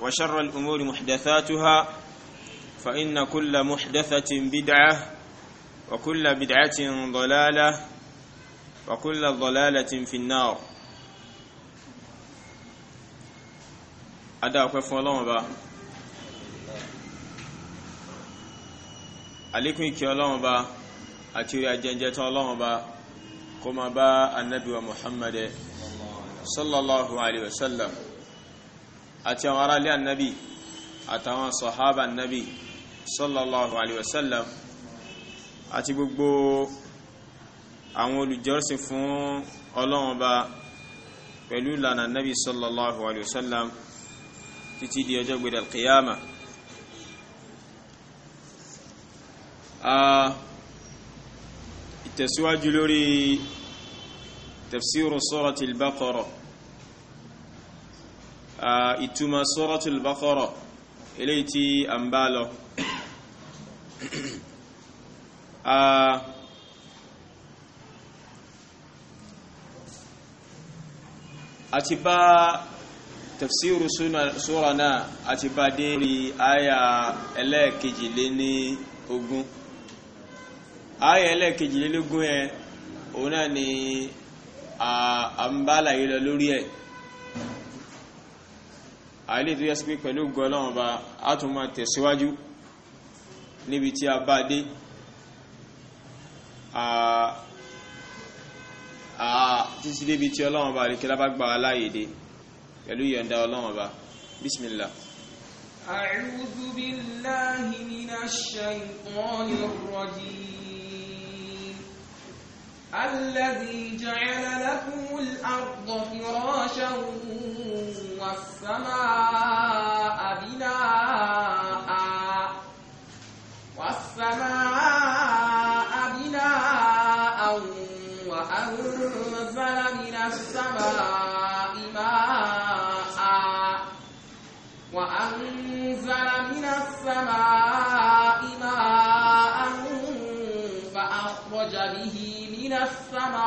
وشر الأمور محدثاتها فإن كل محدثة بدعة وكل بدعة ضلالة وكل ضلالة في النار أدعوك فالله با عليكم كي الله با أتيري أجنجة الله با كما با النبي ومحمد صلى الله عليه وسلم àti àwọn aráalé ànábì àtàwọn sọ̀hábà ànábì sallallahu alayhi wa sallam àti gbogbo àwọn olùjọ́sìn fún ọlọ́run ọba pẹ̀lú ìlànà ànábì sallallahu alayhi wa sallam títí di ọjọ́ gbẹ̀dẹ̀ alqiyama ìtẹ̀síwájú lórí tafsiru surati al ìtumọ̀ suratul Baqara eléyìí tí a ń bá lọ àti bá tafsiru sura náà àti bá dé rí àyà ẹlẹ́ẹ̀kejì lé ní ogún àyà ẹlẹ́ẹ̀kejì lógún ẹ òun náà ni à ń bá láyé lórí ẹ̀ àìlè tó yẹ sí pé pẹ̀lú gọlọ́wọ́n bá a tún máa tẹ̀síwájú níbi tí a bá dé títí débi tí ọlọ́wọ́n bá àríkẹ́lá bá gbà aláyè pẹ̀lú yọ̀ǹda ọlọ́wọ́n bá أعوذ بالله من الشيطان الرجيم الذي جعل لكم الأرض فراشا والسماء بناء والسماء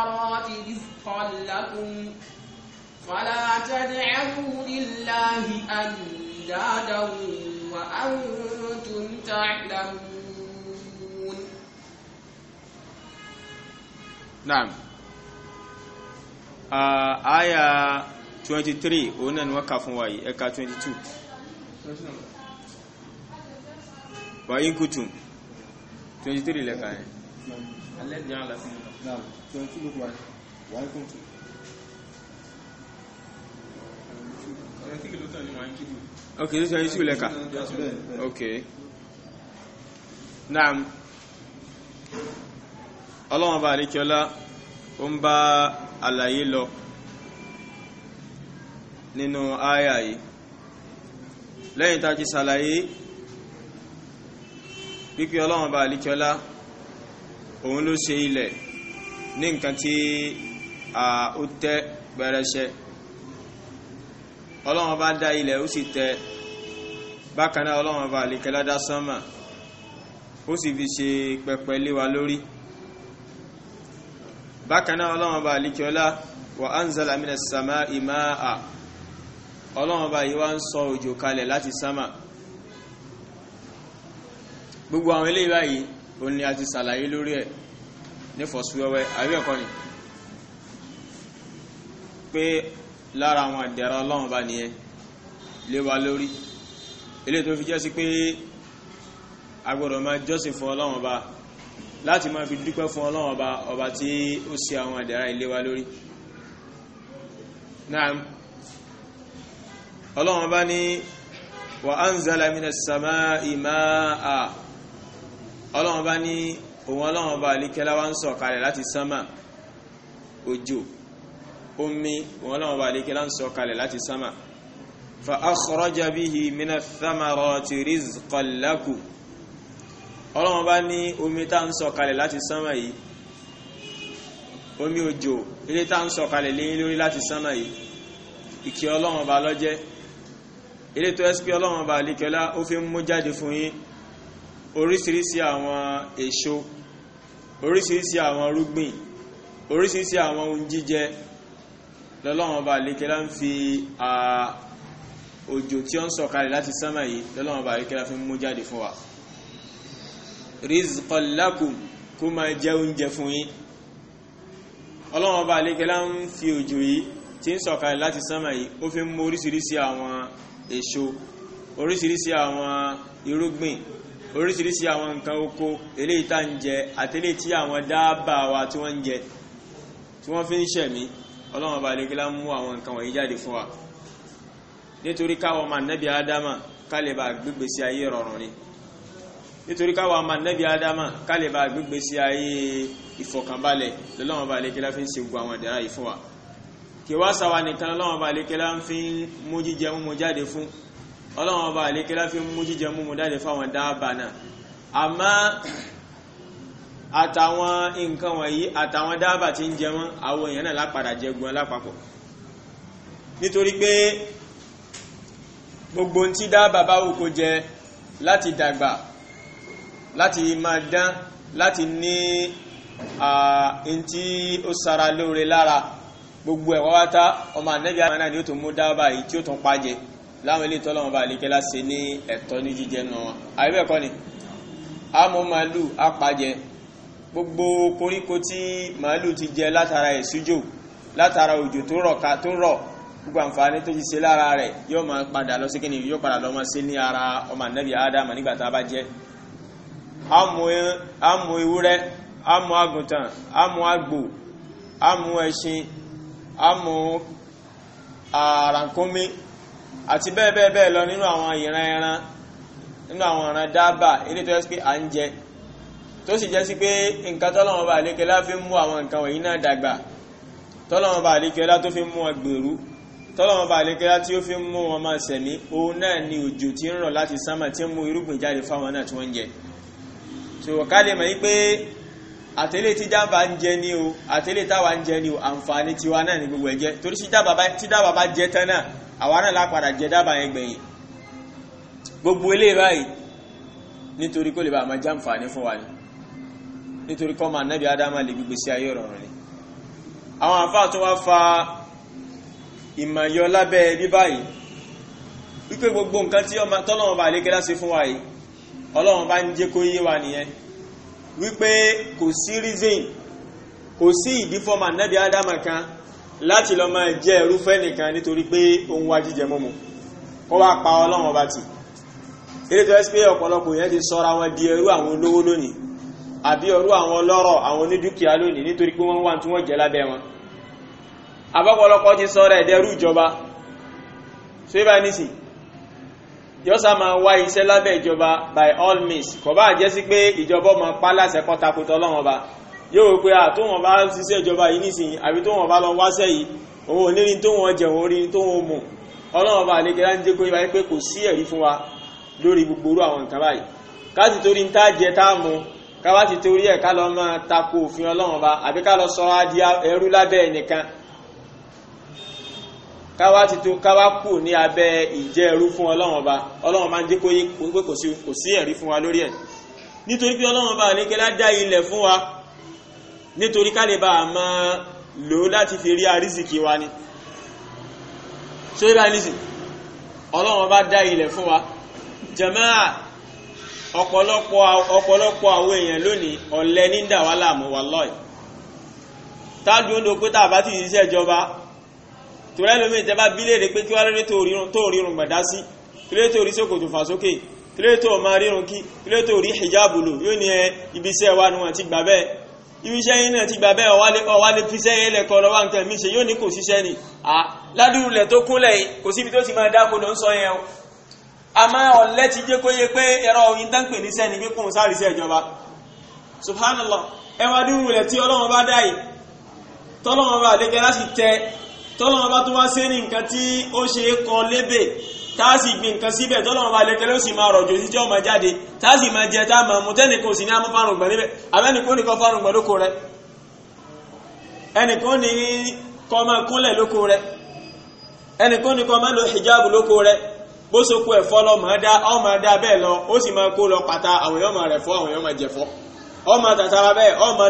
الثمرات رزقا لكم فلا تدعوا لله أندادا وأنتم تعلمون نعم آه آية 23 هنا نوقف واي إكا 22 وإن كنتم 23 لك آية الذي جعل لكم now twenty look like one twenty. okay this one is you lẹ́ka okay naam ọlọ́wọ́n bá àríkíọ́lá ó ń bá àlàyé lọ nínú àyà yìí lẹ́yìn tá a ti ṣàlàyé pípẹ́ ọlọ́wọ́n bá àríkíọ́lá òun ló ṣe ilẹ̀ ní nǹkan tí ó tẹ́ pẹrẹsẹ ọlọ́run bá dá ilẹ̀ ó sì tẹ bákan náà ọlọ́run bá àlékẹ́ ládá sánmà ó fi ṣe pẹpẹ lé wa lórí bákan náà ọlọ́run bá àlékẹ́ ọlá wa anzala minas samaa'i ma'a ọlọ́run bá yìí sọ òjò kalẹ̀ láti sánmà gbogbo àwọn eléyìí báyìí òun ni a ti ṣàlàyé lórí ẹ̀ nífọ̀síwẹ́wẹ́ àbí ẹ̀kọ́ ni pé lára àwọn àdẹ̀rà ọlọ́run bá nìyẹn lé wa lórí ilé tó fi jẹ́ sí pé agbọ́dọ̀ máa jọ́sìn fún ọlọ́run ọba láti máa fi dúpẹ́ fún ọlọ́run ọba ọba tí ó ṣe àwọn àdẹ̀rà ilé wa lórí náà ọlọ́run ọba ní wa òun ọlọ́run ọba àlékẹ́lá wa ń sọ̀kalẹ̀ láti sánmà òjò omi òun ọlọ́run ọba àlékẹ́lá ń sọ̀kalẹ̀ láti sánmà fa akhraja bihi mina thamarati rizqan lakum ọlọ́run ọba ní omi tá ń sọ̀kalẹ̀ láti sánmà yìí omi òjò ilé tá ń sọ̀kalẹ̀ léyìn lórí láti sánmà yìí ìkẹ́ ọlọ́run ọba lọ́jẹ́ ilé tó ẹ́sìpí ọlọ́run ọba àlékẹ́lá ó fi ń mú jáde fún yín oríṣiríṣi àwọn èso oríṣiríṣi àwọn rúgbìn oríṣiríṣi àwọn ohun jíjẹ lọ́lọ́wọ́n bá lékẹ́lá ń fi òjò tí ó ń sọ̀kalẹ̀ láti sánmà yìí lọ́lọ́wọ́n bá lékẹ́lá fi mú jáde fún wa rizqan lakum kó máa jẹ oúnjẹ fún yín ọlọ́wọ́n bá lékẹ́lá ń fi òjò yìí tí ń sọ̀kalẹ̀ láti sánmà yìí ó fi mú oríṣiríṣi àwọn èso oríṣiríṣi àwọn irúgbìn oríṣiríṣi àwọn nǹkan oko eléyìí tá ń jẹ àtẹ́lẹ̀ tí àwọn dáàbà wa tí wọ́n ń jẹ tí wọ́n fi ń ṣẹ̀mí ọlọ́run ọba àlekílá mú àwọn nǹkan wọ̀nyí jáde fún wa nítorí káwọn ọmọ ànábì ádámà kálíbà gbígbé sí ayé rọrùn ni nítorí káwọn ọmọ ànábì ádámà kálíbà gbígbé sí ayé ìfọ̀kànbalẹ̀ lọ́lọ́run ọba àlekílá fi ń ṣe gbogbo àwọn ìdára yìí fún wa kí wá sáwa nìkan lọ́lọ́run ọba àlekílá ń fi mú jíjẹ mú mu jáde fún ọlọ́run ọba àlékẹ́ láfi mú jíjẹ múmu dáadé fáwọn dáàbà náà àmọ́ àtàwọn nǹkan wọ̀nyí àtàwọn dáàbà tí ń jẹ wọ́n àwọn èèyàn náà lápadà jẹgun lápapọ̀ nítorí pé gbogbo ohun tí dáàbà bá wù kó jẹ láti dàgbà láti máa dán láti ní ohun tí ó sara lóore lára gbogbo ẹ̀wọ́ ọmọ ànẹ́bí àmàlà ni ó tó mú dáàbà yìí tí ó tún pa láwọn ilé tọ́lọ́wọ́n bá àlékẹ́ láṣẹ ní ẹ̀tọ́ ní jíjẹ nù wọn àbẹ́ẹ̀kọ́ ni a mú màálù apàjẹ gbogbo koríko tí màálù ti jẹ látara ẹ̀sújò látara òjò tó rọ̀ ká tó rọ̀ gbogbo àǹfààní tó ti ṣe lára rẹ̀ yóò máa padà lọ sí kíni yóò padà lọ máa ní ara ọmọ ànábì ádámà nígbà tá a bá jẹ a mú ewúrẹ́ a mú àgùntàn a mú àgbò a mú ẹṣin a mú àràǹkómi àti bẹ́ẹ̀ bẹ́ẹ̀ bẹ́ẹ̀ lọ nínú àwọn ìran ẹran nínú àwọn ìran dábà ilé tó yẹ pé à ń jẹ tó sì jẹ́ sí pé nǹkan tọ́lọ́wọ́n bá lékẹ́ lá fi ń mú àwọn nǹkan wọ̀nyí náà dàgbà tọ́lọ́wọ́n bá lékẹ́ lá tó fi ń mú wọn gbèrú tọ́lọ́wọ́n bá lékẹ́ lá tí ó fi ń mú wọn máa sẹ̀mí òun náà ni òjò tí ń rọ̀ láti sánmà tí ń mú irúgbìn jáde fáwọn náà tí wọ́n ń jẹ ṣòwòká lè mọ̀ yí pé àtẹlẹ tí dábàá ń jẹ ní o àtẹlẹ táwa ń jẹ ní o àǹfààní tiwa náà ní gbogbo ẹ̀jẹ̀ torí tí dábàá bá jẹ tán náà àwa náà lápadà jẹ dábàá yẹn gbẹ̀yìn gbogbo eléyìí báyìí nítorí kó lè bá máa jàǹfààní fún wa ni nítorí kọ́ máa nábì ádámà lè gbígbé sí ayé ọ̀rọ̀ rẹ̀ àwọn àfáà tó wá fa ìmọ̀yọ lábẹ́ bí báyìí wípé gbogbo nǹkan tí tọ́lọ́wọ́n bá lékelá sí fún wa yìí ọlọ́wọ́n bá ń jẹ́ kó yé wa nìyẹn wípé kò sí reason kò sí ìdí fọ́mà nábì ádámà kan láti lọ máa jẹ́ irúfẹ́ nìkan nítorí pé ó ń wá jíjẹ mọ́mọ́ kọ́ wá pa ọlọ́run ọba tì eré tó ẹ́sì pé ọ̀pọ̀lọpọ̀ yẹn ti sọ́ra wọn di ẹrú àwọn olówó lónìí àbí ẹrú àwọn ọlọ́rọ̀ àwọn onídúkìá lónìí nítorí pé wọ́n wà tí wọ́n jẹ lábẹ́ wọn àbọ̀pọ̀lọpọ̀ ti sọ́ra ẹ̀dẹ́rú ìjọba so ibà nísì yọ́sà máa wá iṣẹ́ lábẹ́ ìjọba by all means kò bá jẹ́ sí pé ìjọba ọmọ pa láṣẹ ọlọ́run ọba yóò pé à ah, tó wọn bá ṣiṣẹ́ ìjọba yìí nísìnyí àbí tó wọn bá lọ wáṣẹ́ yìí òun ò nírin tó wọn jẹ̀wọ̀n orí tó wọn mọ̀ ọlọ́run bá àlejò láti jẹ́ kó yíwáyé pé kò sí ẹ̀rí fún wa lórí gbogbo orú àwọn nǹkan báyìí ká sì torí ń tá jẹ tá mu ká wá sì torí ẹ̀ ká lọ máa tako òfin ọlọ́run bá àbí ká lọ sọ adi ẹrú lábẹ́ ẹnìkan ká wá sì tó ká kù ní abẹ́ ìjẹ́ ẹrú fún ọlọ́run bá ń jẹ́ pé kò sí ẹ̀rí fún wa lórí ẹ̀ nítorí pé ọlọ́run bá àlejò dá ilẹ̀ fún wa nítorí ká lè bá a máa lò láti fi rí àrísìkí wa ni ṣé bá ní sí ọlọ́run bá dá ilẹ̀ fún wa jàmáà ọ̀pọ̀lọpọ̀ ọ̀pọ̀lọpọ̀ àwọn èèyàn lónìí ọ̀lẹ ní dà wá láàmú wallahi tájú ń lo pé tá a bá ti ṣiṣẹ́ ìjọba torí ẹlòmíì tẹ́ bá bíléèrè tó rírun rírun kí kílé tó rí hijab lò yóò ní ẹ ibiṣẹ́ wa ni ti gbà bẹ́ẹ̀ irinṣẹ́ yìí ti gbà bẹ́ẹ̀ ọ̀wálé píṣẹ́ yẹn lẹ́kọ̀ọ́ lọ́wọ́ nǹkan mi ṣe yóò ní kò síṣẹ́ ni ládùúrúlẹ̀ tó kúnlẹ̀ kò síbi tó ti máa dáko ló ń sọ yẹn o àmọ́ ọ̀lẹ́ ti jẹ́ kó yẹ pé ẹ̀rọ oyin subhanallah taasị gbin nǹkan síbẹ̀ tọ́lọ́wọ́n bá si ló sì máa rọ̀jò ma tí ọmọ jáde táàsì máa jẹ tá máa mú tẹ́nìkan sì ní amú fárùn gbọ̀n níbẹ̀ abẹ́nìkan rẹ ẹnìkan ní kọ́ máa kúnlẹ̀ lo hijab rẹ so ma lọ ọ máa dá bẹ́ẹ̀ lọ ó àwọn àwọn ọ máa tàtàrà bẹ́ẹ̀ ọ máa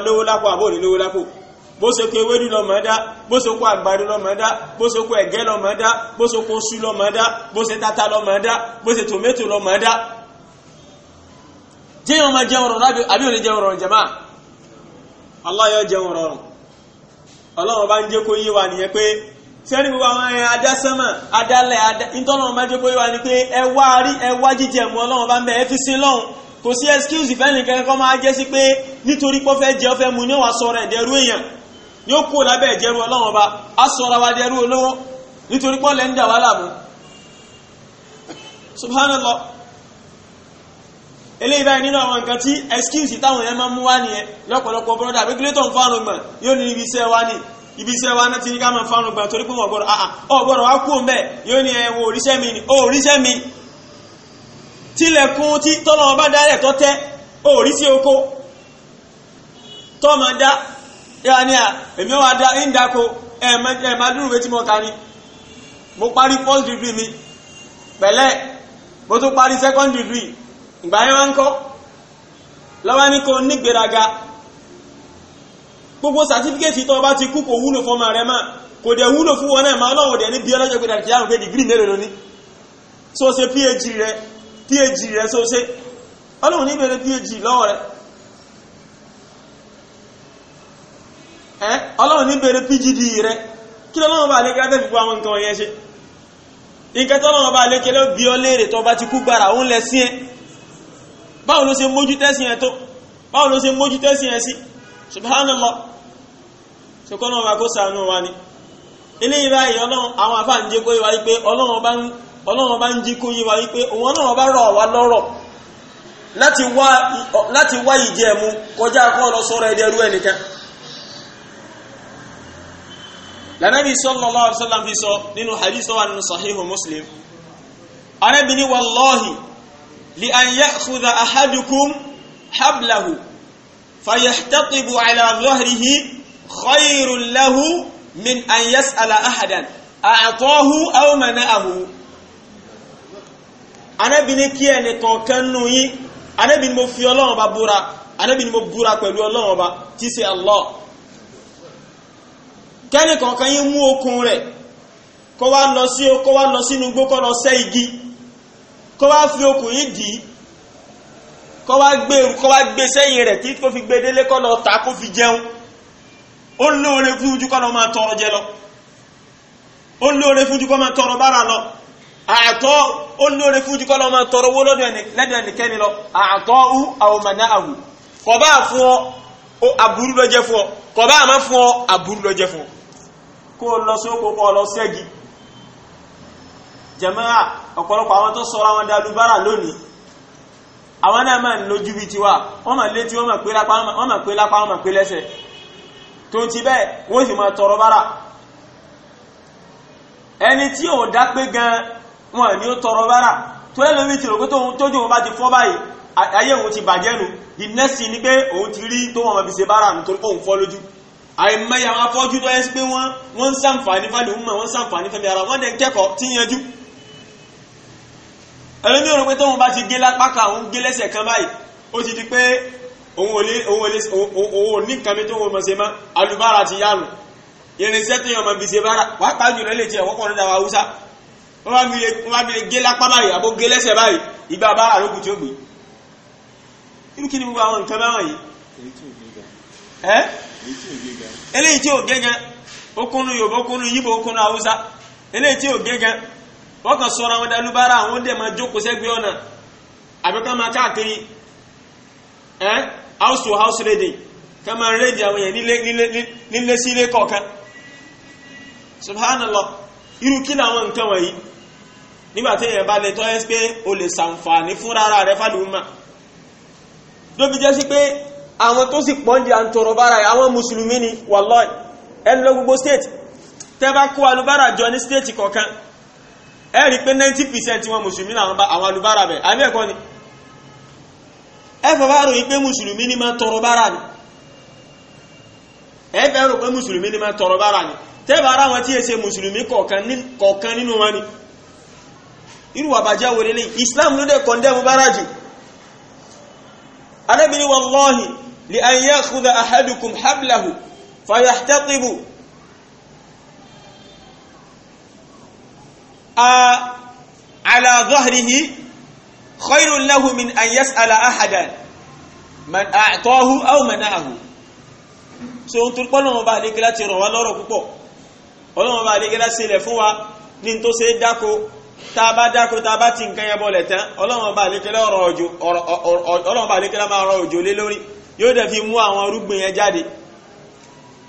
bó ṣe lọ ewédú lọ́mọ dá bó ṣe kó àgbàdo lọ́mọ dá bó ṣe kó ẹ̀gẹ́ lọ́mọ lọ bó ṣe kó ṣú tata lọ́mọ dá bó ṣe tòmẹ́tò lọ́mọ jẹun rọrùn àbí òní jẹun rọrùn yóò jẹun rọrùn bá ń jẹ́ kó yé wa nìyẹn pé sẹ́ni gbogbo àwọn adálẹ̀ jẹ́ kó yé wa ni pé ẹ wá rí ẹ wá jíjẹ bá ń bẹ ẹ fi lọ́hùn kò sí excuse yóò kú lábẹ́ ìjẹrú ọlọ́run ọba á sọra wa dẹrú olówó nítorí pọ́ọ̀lù ẹ̀ ń dà wá láàmú subhanallah eléyìí báyìí nínú àwọn nǹkan tí excuse táwọn yẹn máa mú wá nìyẹn lọ́pọ̀lọpọ̀ brọ́dà pé kílé tó ń fáwọn ọgbọ̀n yóò ní ibi iṣẹ́ wa ní ibi iṣẹ́ wa náà ti ní ká máa fáwọn ọgbọ̀n torí pé wọ́n gbọ́dọ̀ àà ọ̀ gbọ́dọ̀ wá kú òun yóò ní ẹ̀wọ̀ òríṣẹ́ mi ni ó òríṣẹ́ mi tilẹ̀kùn tí tọ́lọ́wọ́n bá dálẹ̀ tọ́tẹ́ òríṣẹ́ oko tọ́ yà a, à èmi ò wá da ń dako ẹ̀ máa dúró méjì ni mo parí first degree mi pẹ̀lẹ́ mo tún parí second degree ìgbà yẹn wá ń kọ́ lọ́wọ́ kò gbogbo sàtífíkẹ́tì tó bá ti kú kò wúlò rẹ mọ́ kò dẹ̀ wúlò fún wọn náà máa dẹ̀ ní bí ọlọ́jọ́ pé pé Eh? ọlọ́run ní bèrè pgd rẹ kí lọ́lọ́run bá lékẹ́ látẹ́ fífọ́ àwọn nǹkan wọ̀nyẹn ṣe nǹkan tọ́lọ́run bá lékẹ́ bí ọ léèrè tó bá ti kú gbára òun lẹ sí ẹ báwo ló ṣe mójú ẹ tó báwo ló ṣe mójú ẹ sí kó sànú wa ni ọlọ́run àwọn ń kó wípé ọlọ́run bá ń jí kó wípé òun ọlọ́run bá lọ́rọ̀ láti wá lànàbí sallallahu alaihi wasallam fi sọ nínú hadith wa nínú sahihu muslim arábìnrin ni wallahi li an ya'khudha ahadukum hablahu fayahtatibu ala dhahrihi khayrun lahu min an yas'ala ahadan a'tahu aw mana'ahu arábìnrin kí ẹnì kọ̀ọ̀kan nù yín arábìnrin mo fi ọlọ́run bá búra arábìnrin mo búra pẹ̀lú ọlọ́run bá tí í Allah kẹ́ni kọ̀ọ̀kan yín mú okùn rẹ̀ kó wá lọ sí kó wá lọ sínú lọ sẹ́ igi kó wá fi okun yìí dì í kó wá gbé wá tí kò fi gbé délé ta kó fi jẹun ó lóore fún ojú kó lọ máa tọrọ jẹ lọ ó lóore fún ojú kó máa tọrọ bára lọ àtọ́ ó lóore fún ojú lọ máa tọrọ owó ẹnikẹ́ni lọ àtọ́ ú bá fún ọ aburú lọ jẹ fún kó lọ sóko kó lọ sẹ́gi jàmáà ọ̀pọ̀lọpọ̀ àwọn tó sọ̀rọ̀ àwọn dalubára lónìí àwọn náà máa ń lójú bíi tiwa wọ́n máa létí wọ́n máa pé lápá wọ́n máa pé lápá wọ́n máa pé lẹ́sẹ̀ tó ti bẹ́ẹ̀ wọ́n sì máa tọrọ bára ẹni tí ò dá pé gan wọn ni ó tọrọ bára tó ẹ lómi ti rò pé tójú wọn bá ti fọ́ báyìí ayé òun ti bàjẹ́ nu the next thing ni pé òun ti rí tó wọn máa fi ṣe bára nítorí pé òun fọ́ lójú àìmọye àwọn afọ́jú tó ẹ́sí pé wọ́n wọ́n ń sàǹfààní fàlẹ̀ ọmọ wọ́n ń sàǹfààní fẹ́mi ara wọ́n dẹ̀ ń kẹ́kọ̀ọ́ tí ń yanjú ẹlẹ́mí òrùn pé tóun bá ti gé lápá kan òun gé lẹ́sẹ̀ kan báyìí ó ti di pé òun ò lè òun ò ní kàmi tó wọn mọ̀ ṣe mọ́ alubára ti yánu irinṣẹ́ tó yàn mọ́ bí ṣe bára wàá pa jùlọ lè tiẹ̀ wọ́pọ̀ nígbà wa húsá wọ́n bá fi lè gé lápá báyìí àbó gé lẹ́sẹ̀ báyìí ìgbà bára lókùn tí ó gbé irú kí ni gbogbo àwọn nǹkan báwọn yìí. eléyìí tí ò gẹ́gẹ́ okunu yorùbá okunu yíbo okunu haúsá eléyìí tí ò gẹ́gẹ́ wọ́n kàn sọ̀rọ̀ àwọn dalúbára àwọn dẹ̀ máa jókòó sẹ́gbẹ́ ọ̀nà àbíkọ́ ma káàkiri ẹ́ house to house raiding ká ma rédí àwọn èèyàn nílé sí ilé kọ̀ọ̀kan subhanallah irú kí làwọn nǹkan wọ̀nyí nígbà tí èèyàn bá lè tọ́ ẹ́ pé o lè fúnra jẹ́ sí pé àwọn tó sì pọ́ndì à ń ya bára àwọn mùsùlùmí ni wallahi ẹni lọ gbogbo state tẹ́bá kó alubára jọ ní state kọ̀ọ̀kan ẹ 90% wọn musulmi àwọn alubára bẹ̀ àbí ni ẹ fọwọ́ ròyìn pé ni ma tọrọ ni ẹ rò pé ni ma tọrọ ni tẹ́bá ara wọn tí yẹ ṣe mùsùlùmí kọ̀ọ̀kan nínú لأن يأخذ أحدكم حبله فيحتطب على ظهره خير له من أن يسأل أحدا من أعطاه أو منعه so n tún pọ́lọ́mọ bá àdékẹ́lá ti ràn wá lọ́rọ̀ púpọ̀ ọlọ́mọ bá àdékẹ́lá sílẹ̀ fún wa ní tó ṣe dáko tá a bá dáko tá a bá ti nǹkan yẹn bọ́lẹ̀ tán ọlọ́mọ bá àdékẹ́lá máa rọ òjò lé lórí yóò dẹ̀ fi mú àwọn irúgbìn yẹn jáde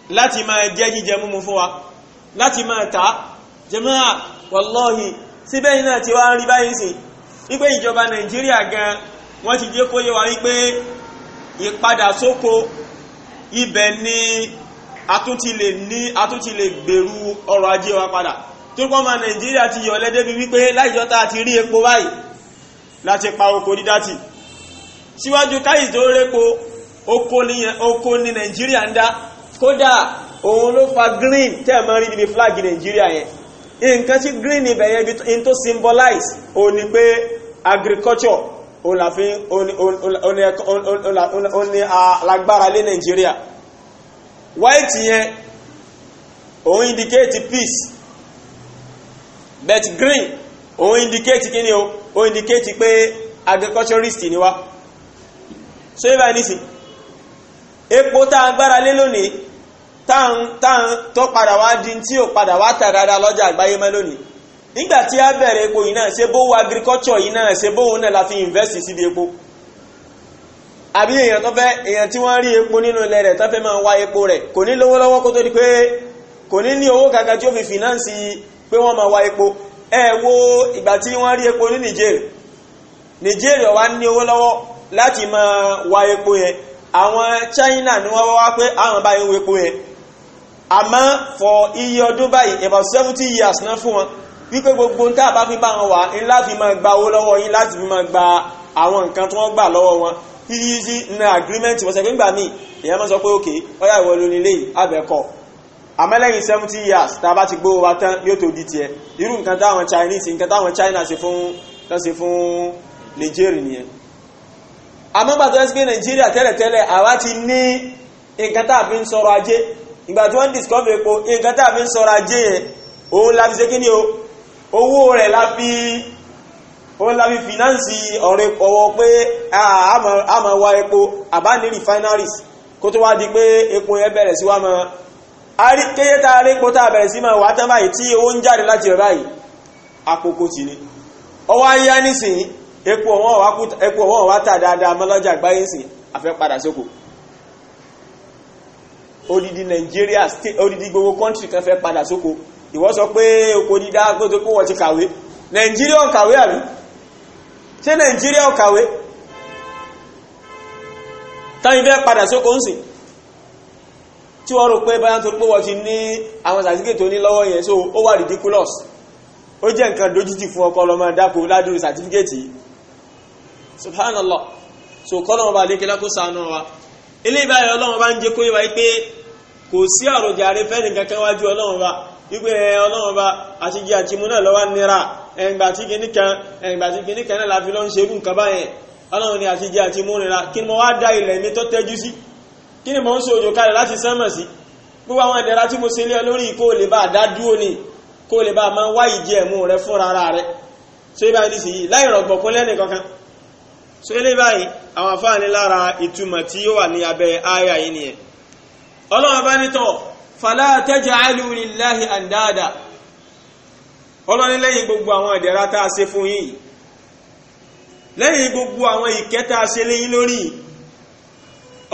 láti máa jẹ́ jíjẹ múmu fún wa láti máa ta jàmáà wallahi síbẹ̀ yìí náà ti wá ń rí báyìí sí wípé ìjọba nàìjíríà gan wọ́n ti jẹ́ kó yé wa wípé ìpadà sóko ibẹ̀ ni atúntí lè ní atúntí gbèrú ọrọ̀ ajé wa padà tó pọ́ ma nàìjíríà ti yọ̀ lẹ́dẹ́bí wípé láìjọ́ta ti rí epo báyìí láti pa oko dídá tì síwájú káyìí tó répo ó ní nàìjíríà ń dá kódà òun ló fa green tẹ́ẹ̀mọ́ rí níbi flag nàìjíríà yẹn nǹkan tí green ibẹ̀ yẹn in tó symbolize ó ní pé agriculture òun ni alágbára lé nàìjíríà white yẹn òun indicate peace but green òun indicate kí ni o ó indicate pé agriculturist ni wa so if i anything epo tá a gbára lé lónìí táà tó padà wá di tí ò padà wá tà dáadáa lọ́jà àgbáyé mọ́ lónìí nígbà tí a bẹ̀rẹ̀ epo yìí náà ṣe bówó agriculture yìí náà ṣe bówó náà la fi invest síbi epo àbí èèyàn tó fẹ́ èèyàn tí wọ́n rí epo nínú ilẹ̀ rẹ̀ tó fẹ́ máa wá epo rẹ̀ kò ní lówó lọ́wọ́ kó tó di pé kò ní ní owó kankan tí ó fi fìnáǹsì pé wọ́n máa wá epo ẹ wo ìgbà tí wọ́n rí epo ní Niger Niger wá ní owó lọ́wọ́ láti máa wá epo yẹn àwọn China ni wọ́n wá pé àwọn báyìí ń wepo yẹn àmọ́ for iye ọdún báyìí about 70 years náà fún wọn wípé gbogbo ń tàbá fi bá wọn wà ń láti máa gba owó lọ́wọ́ yín láti fi máa gba àwọn nǹkan tí wọ́n gbà lọ́wọ́ wọn títí sí na agreement wọ́n sọ pé ńgbà míì èèyàn máa sọ pé òkè ọ̀yà ìwọ ló nílé yìí àbẹ̀kọ̀ àmọ́ lẹ́yìn seventy years tá a bá ti gbówó wa tán yóò tó di tiẹ̀ irú nǹkan táwọn Chinese nǹkan táwọn China ṣe fún tán ṣe fún Nigeria nìyẹn àmọ́gbà tó ń gbé nàìjíríà tẹ́lẹ̀tẹ́lẹ̀ àwa ti ní nǹkan tá a fi ń sọ̀rọ̀ ajé ìgbà tí wọ́n ń discover epo nǹkan tá a fi ń sọ̀rọ̀ ajé yẹn òun la fi ṣe kí ni o owó rẹ̀ la fi òun la fi fìnáǹsì ọ̀rẹ́ ọwọ́ pé a máa wá epo àbá ní refineries kó tó wá di pé epo yẹn bẹ̀rẹ̀ sí wá máa kéyé tá a rí epo tá a bẹ̀rẹ̀ sí máa wá tán báyìí tí owó ń jáde láti rẹ̀ báyìí àpòkò tì ní ọwọ́ ayé á nísìnyí epo wọn wá ta dáadáa mọ́lọ́jà àgbáyé sí afẹ́ padà sóko odidi Nigeria state odidi gbogbo country kan fẹ́ padà sóko ìwọ sọ pé oko dídá ti kàwé Nigeria kàwé àbí ṣé Nigeria kàwé táwọn ìfẹ́ padà sóko ń tí rò pé tó pé ti ní so ó wà ridiculous ó nǹkan fún ọkọ ládùúrú subhanallah so kọ́ lọ́wọ́ bá lékelá kó sànú wa ilé ìbáyọ̀ ọlọ́wọ́ bá ń jẹ́ kó yẹ wa pé kò sí àròjàre fẹ́ni kankan wájú ọlọ́wọ́ bá wípé ọlọ́wọ́ bá àṣejì àtìmú náà lọ́wọ́ nira ẹ̀ǹgbà tí kìíní kan ẹ̀ǹgbà tí kìíní kan náà la fi lọ́ ń ṣerú nǹkan báyẹn ọlọ́run ni àtijẹ àtìmú nira kí ni mo wá dá ilẹ̀ mi tó tẹ́jú sí kí ni mo ń sojò kalẹ̀ láti sánmọ̀ sí gbogbo àwọn ìdẹ̀ra tí mo ṣe lé lórí kó lè bá dá dúró ni kó lè bá máa wá ìjẹ́ ẹ̀mú rẹ fúnra rẹ ṣé báyìí nísìnyí láì rọ̀gbọ̀kún lẹ́nìkankan so eléyìí báyìí àwọn àfáàní lára ìtumọ̀ tí ó wà ní abẹ́ àyà yìí nìyẹn ọlọ́run bá nítọ̀ fala taj'alu lillahi andada ọlọ́run lẹ́yìn gbogbo àwọn ìdẹ̀ra tá a ṣe fún yín lẹ́yìn gbogbo àwọn ìkẹ́ tá a ṣe léyìn lórí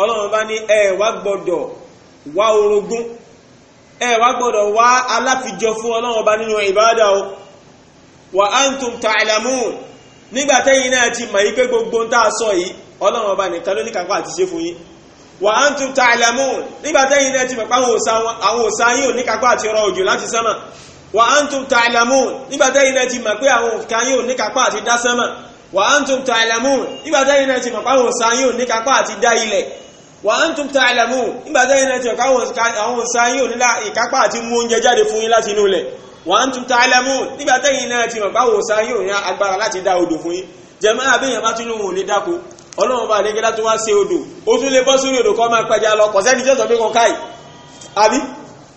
ọlọ́run bá ní ẹ wá gbọ́dọ̀ wá orogún ẹ wá gbọ́dọ̀ wá aláfijọ fún ọlọ́run bá nínú ìbádà o wa antum ta'lamun nígbàtẹ́yìn náà ti mọ̀ ipé gbogbo ń tàà sọ yìí ọlọ́run ọba nìkan ló ní kàpá àti ṣe fún yín wà á ń tún ta ìlàmú nígbàtẹ́yìn náà ti mọ̀ pé àwọn òsà yìí ò ní kàpá àti ọrọ̀ òjò láti wà á ń tún ta nígbàtẹ́yìn náà ti mọ̀ pé àwọn òkà yìí ò ní àti dá ta nígbàtẹ́yìn náà ti mọ̀ pé àwọn yìí ò ní àti dá ta nígbàtẹ́yìn náà ti mọ̀ pé àwọn yìí ò ní àti mú oúnjẹ wọ́n tún ta ẹlẹ́mú nígbà tẹ́yìn náà ti mọ̀ báwo sa yóò yan agbára láti dá odò fún yín jẹ̀mọ́ àbẹ̀yàn bá tún lóhùn ò lè dáko ọlọ́run bá àdékẹ́lá tó wá sí odò ó tún lè bọ́ sórí odò kọ́ máa pẹja lọ kọ̀sẹ́ni jọ́sọ̀ pé kọ́ káì àbí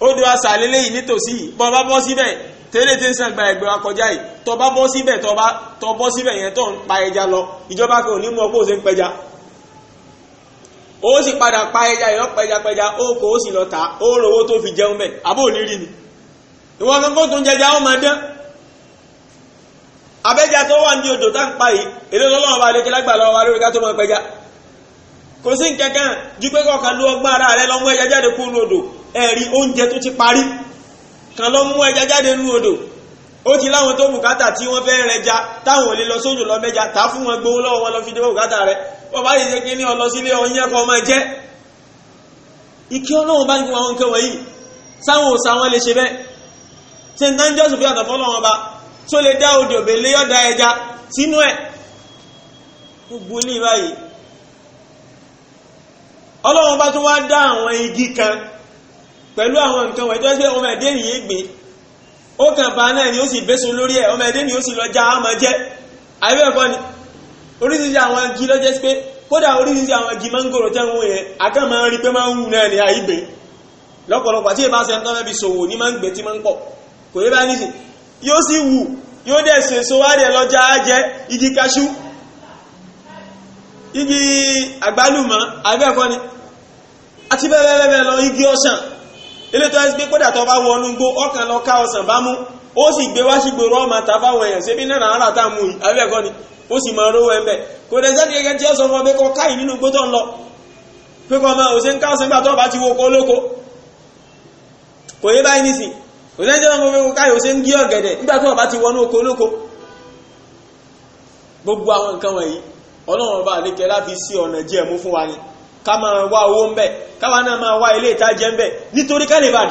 odò asàlélé yìí nítòsí bọ́ bá bọ́ síbẹ̀ tẹ́lẹ̀ tí ń sàn gba ẹgbẹ́ wa kọjá yìí tọ́ bá bọ́ síbẹ̀ tọ́ ìwọ̀n kankan tó ń jẹjẹ àwọn máa dán abẹ́jà tó wà ní odò tá ń pa yìí èlé lọ́lọ́wọ́ bá lékelá gbà lọ́wọ́ lórí ká tó máa pẹja kò sí nkankan ju pé kọ̀ọ̀kan ló ọgbọ́n ara rẹ lọ́mú ẹja jáde kú nu odò ẹ̀rí oúnjẹ tó ti parí kan lọ́mú ẹja jáde nu odò ó ti láwọn tó bùkátà tí wọ́n fẹ́ rẹja táwọn ò lè lọ sódò lọ mẹ́ja tá fún wọn gbowó lọ́wọ́ wọn lọ fi dé bùkátà rẹ wọ́n bá yìí ṣe kí ní ọlọ sílé ọyìn ẹ̀kọ́ ọmọ jẹ́ ike ọlọ́run bá ń gbọ́ àwọn nǹkan wọ̀nyí sáwọn òòsàn wọn lè ṣe bẹ́ẹ̀ ṣe ń tán jọ́sùn bí ọ̀tọ̀ fọ́lọ́wọ́n tó lè dá odò òbèlé ọ̀dà ẹja sínú ẹ̀ gbogbo bá tún wá dá àwọn igi kan pẹ̀lú àwọn nǹkan wẹ̀ tó ṣe ọmọ ẹ̀dẹ́ nìyẹn gbé ó kàn bá náà ni ó sì bẹ́sùn lórí ẹ̀ ọmọ ẹ̀dẹ́ ni ó sì lọ já àmọ́ jẹ́ ni oríṣiríṣi àwọn igi lọ́jẹ́ pé kódà oríṣiríṣi àwọn igi tẹ́ ń yẹn máa ń rí pé máa ń wù náà kò yé bá nísìn yóò sì wù yóò dẹ̀ ṣe sowádẹ̀ lọ́jà ajẹ́ igi kaṣú igi àgbálùmọ̀ abẹ́ẹ̀kọ́ ni àti bẹ́ẹ̀bẹ́ẹ̀ lọ igi ọ̀sán ilé tó ẹ́sì pé kódà tó bá wọnú gbó ọkàn lọ ká ọ̀sán bá mú ó sì gbé wá sí gbòòrò ọmọ àtàfáwọn èèyàn ṣe bí náà rárá tá mú yìí abẹ́ẹ̀kọ́ ni ó sì máa rówó ẹ̀mẹ́ tó bá ti wo kó lóko kò yé báyìí nísìn o ọmọ ogun káyọ̀ ṣe ń gí ọ̀gẹ̀dẹ̀ nígbà tó wà bá ti wọnú oko olóko gbogbo àwọn nǹkan wọ̀nyí ọlọ́run ọba àlékẹ́ láfi sí ọ̀nà jẹ́ mú fún wa ni ká máa wá owó ń bẹ̀ káwa náà máa wá ilé ìtajà ń bẹ̀ nítorí ká lè bá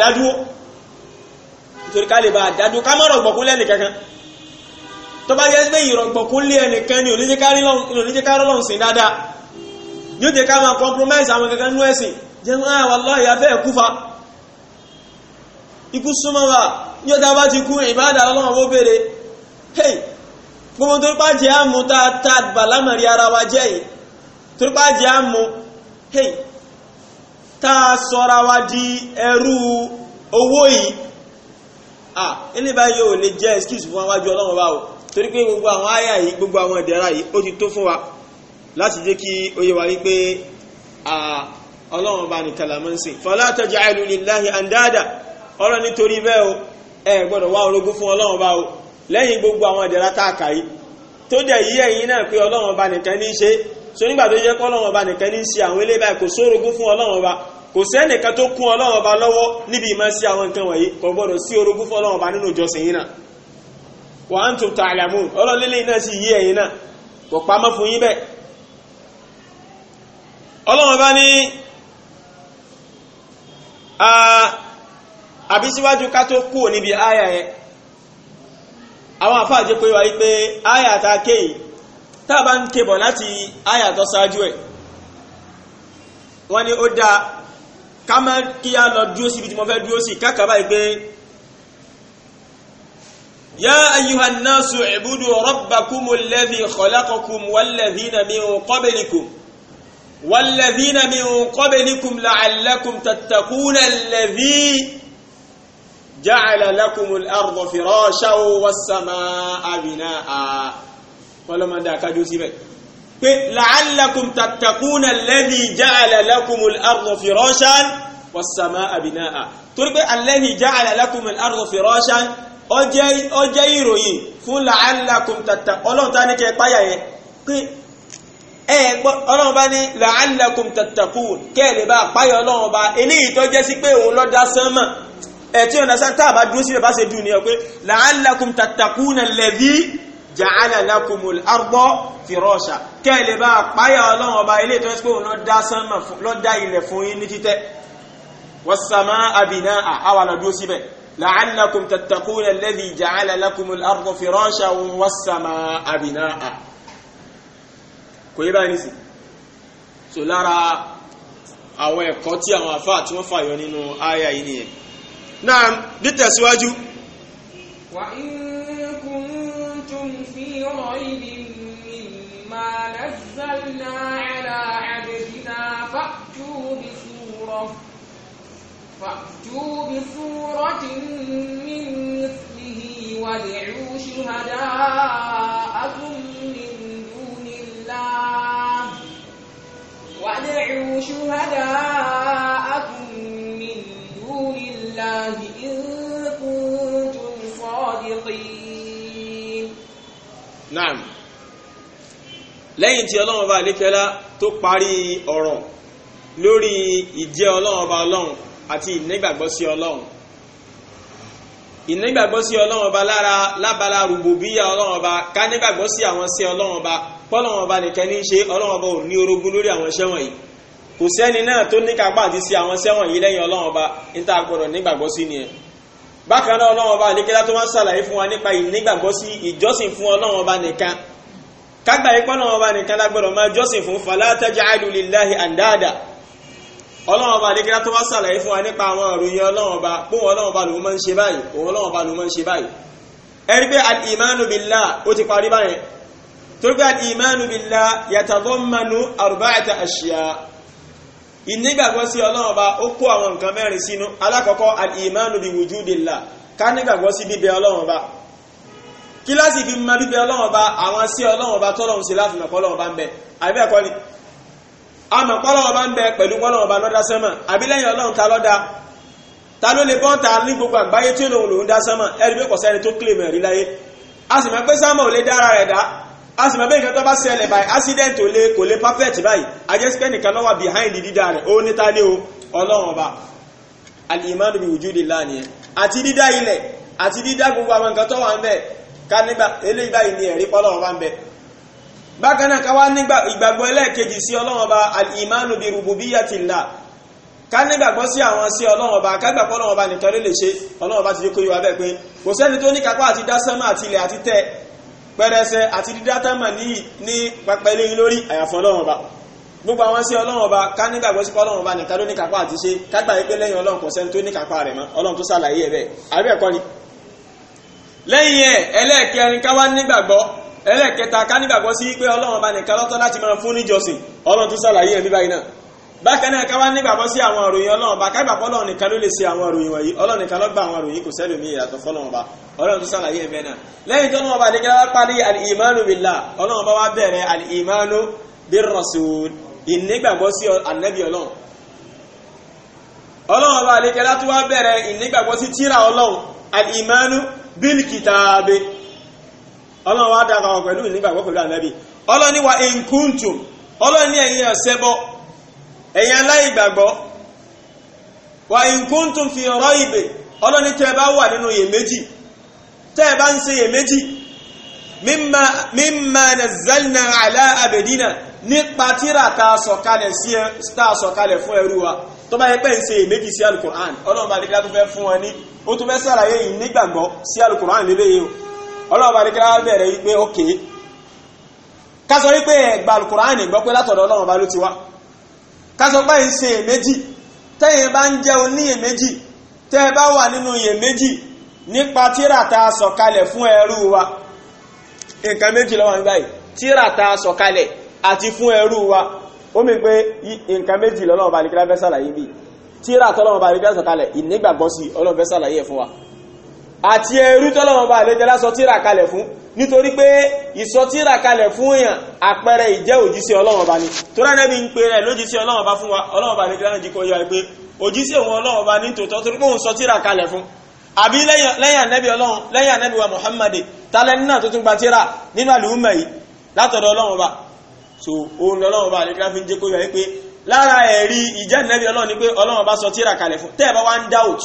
nítorí ká lè bá ká kankan tó bá jẹ́ pé ìrọ̀gbọ̀kún ẹnìkan ni oníjẹ́ ká rọ́lọ́run sìn dáadáa ó jẹ́ ká máa compromise àwọn kankan ikú súnmọ́ wa yóò tá a bá ti kú ìbáàdà ọlọ́run bó béèrè hey gbogbo torí pa jẹ́ àmú tá a tá a bà lámàrí ara wa jẹ́ yìí torí jẹ́ àmú hey tá a sọra wa di ẹrú owó yìí ah ilé báyìí ò lè jẹ́ excuse fún wájú ọlọ́run wa o torí pé gbogbo àwọn àyà yìí gbogbo àwọn ìdẹ̀ra yìí ó ti tó fún wa láti jẹ́ kí ó yé wa wípé ọlọ́run ọba nìkan làmọ́ ń sìn fala taj'alu lillahi andada. ọrọ nítorí bẹ́ẹ̀ o ẹ gbọdọ̀ wá orogún fún ọlọ́run bá o lẹ́yìn gbogbo àwọn ìdẹ̀ra tá a yìí tó dẹ̀ yí ẹ̀yin náà pé ọlọ́run ọba nìkan ní í ṣe so nígbà tó jẹ́ pé ọlọ́run ọba nìkan ní í ṣe àwọn eléyìí báyìí kò sórogún fún ọlọ́run ọba kò sẹ́nìkan tó kún ọlọ́run ọba lọ́wọ́ níbi ìmọ̀ sí àwọn nǹkan wọ̀nyí kò gbọ́dọ̀ sí orogún fún ọlọ́run ọba nínú ìjọsìn yìí náà àbí síwájú ká tó kúrò níbi àyà yẹn àwọn àfáàjẹ́ pé wà yí pé àyà ta kéyì tá a bá ń kébọ̀ láti àyà tó ṣáájú ẹ̀ wọ́n ní ó dáa ká má kí á lọ dúró síbi tí mo fẹ́ dúró sí kákàbá yìí pé yá ayuha nasu ibudu rabbakum alladhi khalaqakum walladhina min qablikum walladhina min qablikum la'allakum tattaquna alladhi. جعل لكم الأرض فراشا والسماء بناء ولو ما داك جوسي لعلكم تتقون الذي جعل لكم الأرض فراشا والسماء بناء تربي الذي جعل لكم الأرض فراشا ọjẹ́ ìròyìn fún la'allakum tattaqun ọlọ́run tá ní kẹ páyà yẹn pé ẹ gbọ́ ọlọ́run bá ní la'allakum tattaqun kẹ́ẹ̀lẹ́ bá páyà ọlọ́run bá eléyìí tó jẹ́ sí pé òun ló dá sánmà ẹ̀tí ọ̀nà sáà tàbá dúró sílẹ̀ bá ṣe dùn ní ọ̀pẹ́ la'allakum tattaquna alladhi ja'ala lakumul arda firasha kẹ́lẹ̀ bá páyà ọlọ́run ọba ilé tó ń pè wọn dá sánmà lọ́dá ilẹ̀ fún tí àwọn àfáà tí nínú ááyà yìí nìyẹn náà nítẹ̀síwájú. wà kuntum fi raybin mimma nazzalna ala abdina fa'tu bi surah fa'tu bi suratin min mithlihi wad'u shuhada'akum min dunillah wad'u shuhada'akum min dunillah الله إن كنتم صادقين نعم lẹ́yìn tí ọlọ́run bá lékẹ́lá tó parí ọ̀rọ̀ lórí ìjẹ́ ọlọ́run bá ọlọ́run àti ìnígbàgbọ́ sí ọlọ́run ìnígbàgbọ́ sí ọlọ́run bá lára lábala rùbùbíyà ọlọ́run bá ká nígbàgbọ́ sí àwọn sí ọlọ́run bá pọ́lọ́run bá nìkan ní ṣe ọlọ́run bá ò ní orogún lórí àwọn iṣẹ́ wọ̀nyí kò sẹ́ni náà tó ní kápá àti sí àwọn sẹ́wọ̀n yìí lẹ́yìn ọlọ́run ọba níta gbọ́dọ̀ nígbàgbọ́ sí ni ẹ̀ bákan náà ọlọ́run ọba àdékẹ́lá tó wọ́n ṣàlàyé fún wa nípa ìnígbàgbọ́ sí ìjọsìn fún ọlọ́run ọba nìkan kágbà ipá ọlọ́run ọba nìkan lágbọ́dọ̀ máa jọ́sìn fún fala taj'alu lillahi andada ọlọ́run ọba àdékẹ́lá tó wọ́n ṣàlàyé fún wa nípa àwọn ìròyìn ọlọ́run ọba pé òun ọlọ́run ọba lòun máa ń ṣe báyìí òun ọlọ́run ọba lòun máa ń ìnígbàgbọ́ sí ọlọ́run ọba ó kó àwọn nǹkan mẹ́rin sínú alákọ̀ọ́kọ́ al-imanu bi wujudillah ká nígbàgbọ́ sí bíbẹ ọlọ́run ọba kíláàsì bí ma bíbẹ ọlọ́run ọba àwọn sí ọlọ́run ọba tọ́lọ́run sí láti mọ̀pọ́ ọlọ́run ọba ń bẹ àbí ẹ̀kọ́ ni àmọ̀pọ́ ọlọ́run ọba ń bẹ pẹ̀lú ọlọ́run ọba lọ́dá sẹ́mọ̀ àbí lẹ́yìn ọlọ́run ta lọ́dá ta ló lè bọ́ǹta ní gbogbo àgbáyé tí òun lòun dá sẹ́mọ̀ ẹ̀rí pé kọ̀sẹ́ni tó kílè mẹ́rin láyé a sì mọ̀ pé sámọ̀ ò lè dára rẹ̀ dá a sì mọ̀ bẹ́ẹ̀ nǹkan tó bá ṣẹlẹ̀ by accident ò lè kò lè perfect báyìí ajẹ́sípẹ́ nìkan ló wà behind dídá rẹ̀ ó níta ní o ọlọ́run ọba alìmọ́nù bí wùjú lílá nìyẹn àti dídá ilẹ̀ àti dídá gbogbo àwọn nǹkan tó wà ń bẹ̀ ká nígbà eléyìí báyìí ni ẹ̀rí pọ́lọ́run ọba ń bẹ̀ bákan náà ká wá nígbà ìgbàgbọ́ ẹlẹ́ẹ̀kejì sí ọlọ́run ọba alìmọ́nù bí rububiyatillah ká nígbàgbọ́ sí àwọn sí ọlọ́run ọba ká gbàgbọ́ ọlọ́run ọba nìkan ló lè ṣe ọlọ́run ọba ti dé kó yíwa bẹ́ẹ̀ pé kò sẹ́ni tó ní kápá àti dá sánmà àti ilẹ̀ àti tẹ́ pẹrẹsẹ àti dídátàmà ní pẹpẹlẹ lórí àyàfọ́ ọlọ́run ọba gbogbo àwọn sí ọlọ́run ọba ká nígbàgbọ́ sí ọlọ́run ọba nìkan ló ní kápá àti ṣe kágbà wípé lẹ́yìn ọlọ́run kò sẹ́ni tó ní kápá rẹ̀ mọ́ ọlọ́run tó ṣàlàyé ẹ̀ bẹ́ẹ̀ àbí ni. lẹ́yìn ẹ̀ ẹlẹ́ẹ̀kẹrin ká wá nígbàgbọ́ ẹlẹ́ẹ̀kẹta ká nígbàgbọ́ sí pé ọlọ́run ọba nìkan lọ́tọ́ láti máa fún níjọsìn ọlọ́run tó ṣàlàyé ẹ̀ bíbáyìí náà bákan náà ká wá nígbàgbọ́ sí àwọn ìròyìn ọlọ́run bá kágbàgbọ́ ọlọ́run nìkan ló lè ṣe àwọn wọ̀nyí ọlọ́run nìkan gba àwọn ìròyìn kò sẹ́lò mí ìyàtọ̀ fọlọ́run bá ọlọ́run tó ṣàlàyé ẹ̀bẹ̀ náà lẹ́yìn tó lọ́wọ́ bá parí al-imanu ọlọ́run bá wá al-imanu ìnígbàgbọ́ sí ọlọ́run ọlọ́run bá tó wá bẹ̀rẹ̀ ìnígbàgbọ́ al-imanu ọlọ́run wá dàgbà pẹ̀lú ìnígbàgbọ́ pẹ̀lú ọlọ́run wa ọlọ́run ẹ̀yin aláìgbàgbọ́ wà in kuntum fi raybe ọlọ́ni tẹ́ ẹ bá wà nínú iyèméjì tẹ́ ẹ bá ń ṣe iyèméjì mimma mimma nazzalna ala abedina nípa tíra tá sọ̀kalẹ̀ sí ẹ tá sọ̀kalẹ̀ fún ẹrú wa tó bá yẹ pé ń ṣe iyèméjì sí alukur'an ọlọ́run bá tó fẹ́ fún wọn ní ó tún fẹ́ sàlàyé yìí nígbàgbọ́ sí alukur'an lélẹ́yìí o ọlọ́run bá dikira bẹ̀rẹ̀ yìí pé ókè ká sọ wípé ẹ̀gbà alukur'an gbọ́ pé látọ̀dọ̀ ọlọ́run ló ti wá kásọpá yìí ṣe èméjì tẹ́yìn bá ń jẹun ní èméjì tẹ́ ẹ bá wà nínú èméjì nípa tírà tá a sọ̀kalẹ̀ fún ẹrú wa nǹkan méjì lọ́wọ́ nígbà yìí tírà tá a sọ̀kalẹ̀ àti fún ẹrú wa ó mi pé nǹkan méjì lọ́wọ́ bá nìkílá fẹ́ sàlàyé bíi tírà tọ́lọ́wọ́ bá sọ̀kalẹ̀ ìnígbàgbọ́sí ọlọ́run sàlàyé fún wa àti ẹrú tọ́lọ́wọ́n bá àlejò lásọ tíra kalẹ̀ fún nítorí pé ìsọ tíra kalẹ̀ fún èèyàn àpẹẹrẹ ìjẹ́ òjíṣẹ́ ọlọ́wọ́n bá ní torí Ànábì ń pe rẹ̀ lójíṣẹ́ ọlọ́wọ́n bá fún wa ọlọ́wọ́n bá àlejò lánàá jí kọ́ yọ pé òjíṣẹ́ òun ọlọ́wọ́n bá ní tòótọ́ torí pé òun sọ tíra kalẹ̀ fún àbí lẹ́yìn Ànábì ọlọ́wọ́n lẹ́yìn Ànábì wa Muhammad tálẹ́ nínú àtúntún gba tíra nínú àlùmọ̀ yìí látọ̀dọ̀ ọlọ́wọ́n bá so òun lọ́wọ́n bá àlejò lánàá fi ń jẹ́ kó yọ pé lára ẹ̀rí ìjẹ́ Ànábì ọlọ́wọ́n ni pé ọlọ́wọ́n bá sọ tíra kalẹ̀ fún tẹ́ẹ̀ bá wá ń doubt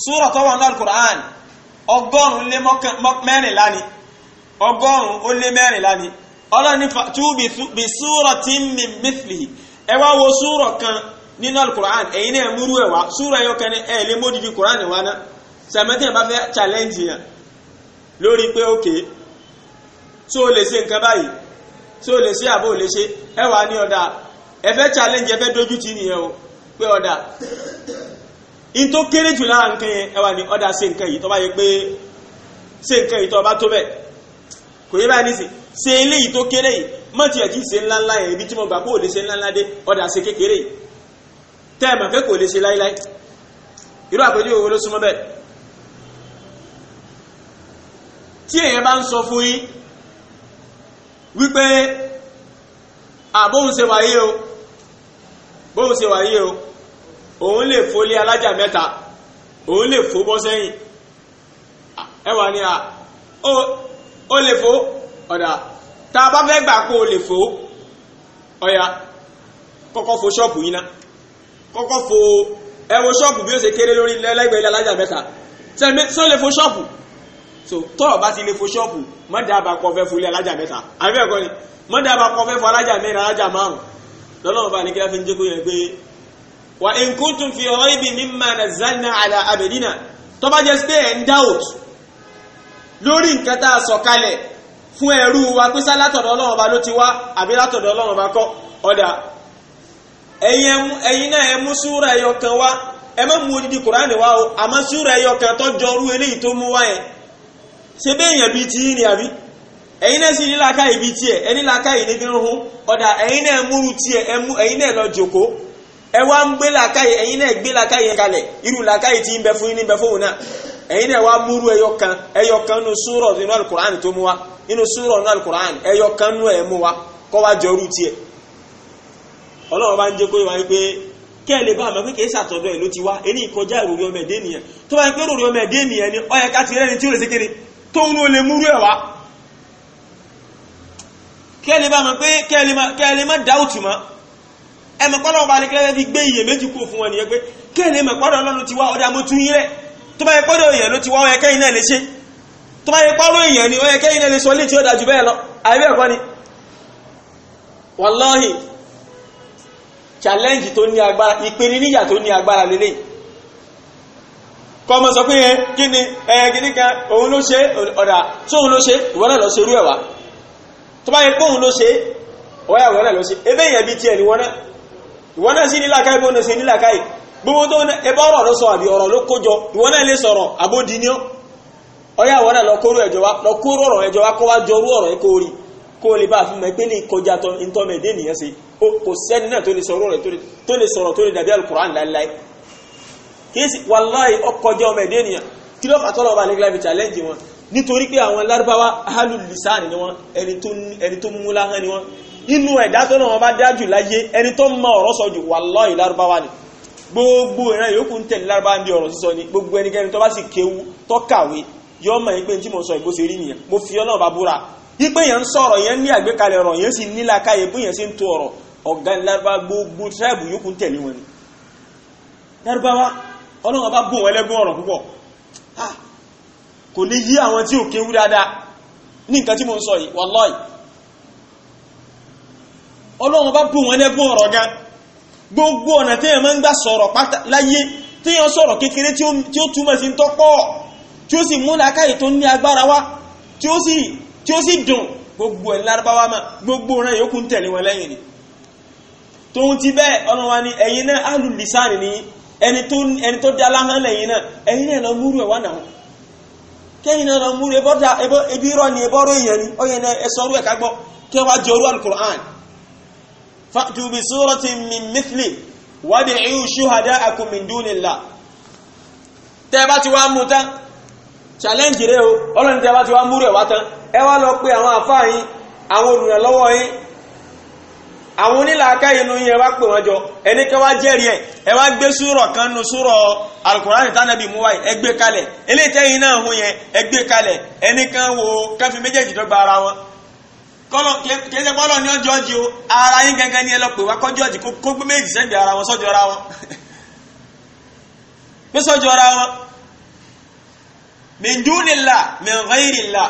súrà tó wà ní alukur'an ọgọ́rùn-ún lé mẹ́rìnlá ni ọgọ́rùn-ún ó lé mẹ́rìnlá ni ọlọ́ni fàtúbì bí súrà tí ń mi mithlihi ẹ wá wo súrà kan nínú alukur'an ẹ̀yin náà múrú ẹ̀ wá súrà yóò kẹ́ni ẹ̀ lé módìdí kur'an wá ná sàmẹ́tì ẹ̀ bá challenge yẹn lórí pé ókè tó o lè ṣe nǹkan báyìí tí o lè ṣe lè ṣe ẹ wà ní ọ̀dà ẹ fẹ́ challenge ẹ fẹ́ dojú ti nìyẹn o pé ọ̀dà in tó kéré jù lára nǹkan yẹn n'i ní se ṣe nǹkan yìí tó bá yẹ pé ṣe nǹkan yìí tó bá tó bẹ̀ kò yẹ báyìí se ṣe eléyìí nla ibi tí mo ole kó nla nla ṣe ńláńlá dé ọ̀dà ṣe kékeré yìí tẹ́ ẹ̀ mọ̀ pé lai o o òun lè fólé alájà mẹ́ta òun lè fó bọ́ sẹ́yìn ẹwà ni à ó lè fó ọ̀dà tá a bá fẹ́ gbà kó o lè fó ọ̀yà kọ́kọ́ fo ṣọ́ọ̀bù yín ná kọ́kọ́ fo ẹ wo ṣọ́ọ̀bù bí ó ṣe kéré lórí lẹ́lẹ́gbẹ̀ẹ́ alájà mẹ́ta sẹ́mi sọ lè fo ṣọ́ọ̀bù so tọ́ ọ bá ti lè fo ṣọ́ọ̀bù má dábàá kọ́ fẹ́ fúlé alájà mẹ́ta àbí bẹ́ẹ̀ kọ́ ni má dábàá kọ́ fẹ́ fọ alájà mẹ́rin alájà márùn lọ́lọ́run bá ní kí wa in kuntum fi raybi mimma nazzalna ala abdina tó bá jẹ́ pé ẹ̀ ń doubt lórí nǹkan tá a sọ kalẹ̀ fún wa pé sá látọ̀dọ̀ ọlọ́run ọba ló ti wá àbí látọ̀dọ̀ ọlọ́run ọba kọ́ ọ̀dà ẹ̀yin náà ẹ mú súra ẹyọ kan wá ẹ má mú odidi kùránì wá o àmọ́ súra ẹyọ kan tó jọ orú eléyìí tó mú wá yẹn ṣe béèyàn bíi ti yín ni àbí ẹ̀yin náà sì eni la bíi tiẹ̀ ẹni làákàyè ní bí ń hun ọ̀dà ẹ̀yin náà múru tiẹ̀ ẹ̀yin náà lọ joko. ẹ wá ń gbé làákàyè ẹyin náà gbé làákàyè kalẹ̀ irú làákàyè tí ń bẹ fún yín ní bẹ fóun náà náà wá nínú alukur'an tó mú wa nínú nínú alukur'an mú wa bá ń pé kí ẹ lè bá pé kì í ló ti wá ẹni ìkọjá ìròrí ọmọ ẹ̀dẹ́ nìyẹn tó bá yẹ pé ìròrí ọmọ ẹ̀dẹ́ nìyẹn ni ká ti ẹ lè bá pé kí ẹ lè má dáwùtì mọ́ ẹmọ̀pọ̀lọ̀ ọba alẹ́kẹ́lẹ́ fi gbé iye méjì kú fún wọn nìyẹn pé kí ẹ̀lẹ́ mọ̀pọ̀lọ̀ ọlọ́run ti wá ọdá mọ́ tún yín rẹ̀ tó bá yẹ pọ́dọ̀ èèyàn ló ti wá ọyẹkẹ́ iná lè ṣe tó bá yẹ ni tí ó ni wàláhì challenge tó ní agbára ìpèníjà tó ní agbára ni ẹ gidi kan òun ló ṣe ọ̀dà tó òun ló ṣe ìwọ náà lọ ṣe irú ẹ̀ wá tó wọ́n náà ìwọ náà sí nílàkà ìbò náà sí nílàkà ì gbogbo tó ẹbá ọ̀rọ̀ ló sọ àbí ọ̀rọ̀ ló kójọ ìwọ náà lè sọ̀rọ̀ àbódiníọ́ ọyá ìwọ náà lọ́kóró ẹ̀jọ̀ wá lọ́kóró ọ̀rọ̀ ẹ̀jọ̀ wá kọ́ wá jọrú ọ̀rọ̀ ẹ̀kọ́ orí kó lè bá fún mi pé lè kọjá tọ́ ìtọ́mẹ̀dé nìyẹn sí kò sẹ́ni náà tó lè sọ̀rọ̀ rẹ̀ tó lè sọ̀rọ̀ tó lè dàbí alukur'an láíláí kí inú ẹ̀dá tó náà wọn bá dájú láyé ẹni tó mọ ọ̀rọ̀ sọ jù wallahi lárúbáwá ni gbogbo ìran yòókù ń tẹ̀lé lárúbáwá ń bí ọ̀rọ̀ sísọ ni gbogbo ẹnikẹ́ni tó bá sì kéwu tó kàwé yọ mọ̀ yín pé tí mo sọ ìbò ṣe rí nìyẹn mo fi ọlọ́run bá búra yín pé yẹn ń sọ̀rọ̀ yẹn ní àgbékalẹ̀ ọ̀rọ̀ yẹn sì nílà káyé bí yẹn ṣe ń to ọ̀rọ̀ ọ̀gá lárúbáwá gbogbo tíráìbù yòókù ń tẹ̀lé wọn ni lárúbáwá ọlọ́run bá bùn wọn ọ̀rọ̀ púpọ̀ ah, kò ní yí àwọn tí ò kéwu dáadáa ní nǹkan tí mo ń sọ yìí wallahi ọlọ́run bá bù wọn lẹ́bùn ọ̀rọ̀ gan gbogbo ọ̀nà téèyàn máa ń gbà sọ̀rọ̀ pátá láyé téèyàn sọ̀rọ̀ kékeré tí ó túmọ̀ sí tọ́pọ̀ tí ó sì mú làákàyè tó ní agbára wá tí ó sì tí ó sì dùn gbogbo ẹ̀ lárúbáwá mà gbogbo ọ̀ràn yòókù ń tẹ̀lé wọn lẹ́yìn ni tóun ti bẹ́ẹ̀ ọlọ́run wa ni ẹ̀yin náà ahlul lisani ni ẹni tó ẹni tó lẹ́yìn náà ẹ̀yin náà lọ múrú ẹ̀ wá náà kẹ́yìn náà lọ múrú ẹbí rọ ni ẹbọ́rọ̀ èèyàn ni ọ̀yẹn náà ẹ sọ ọrú ẹ̀ ká gbọ́ kẹ́ wá jẹ orú alukur'an فأتوا بسورة من مثله وادعوا شهداءكم من دون الله tẹ́ẹ̀bá ti wa mú challenge re o ọlọ́run tẹ́ẹ̀bá ti wa mú e wá tán ẹ awon lọ pé awon àfáà yín àwọn olùrànlọ́wọ́ yín àwọn onílàáká inú yín ẹ wá pè wọ́n e kan nu kan kọlọ kẹsẹ kọlọ ní ọjọ ọjì o ara yín gangan ní ẹ lọ pè wá kọjọ ọjì kó gbé méjì sẹ́gbẹ̀ ara wọn sọjọ ara wọn pé sọjọ ara wọn min dunillah min ghayrillah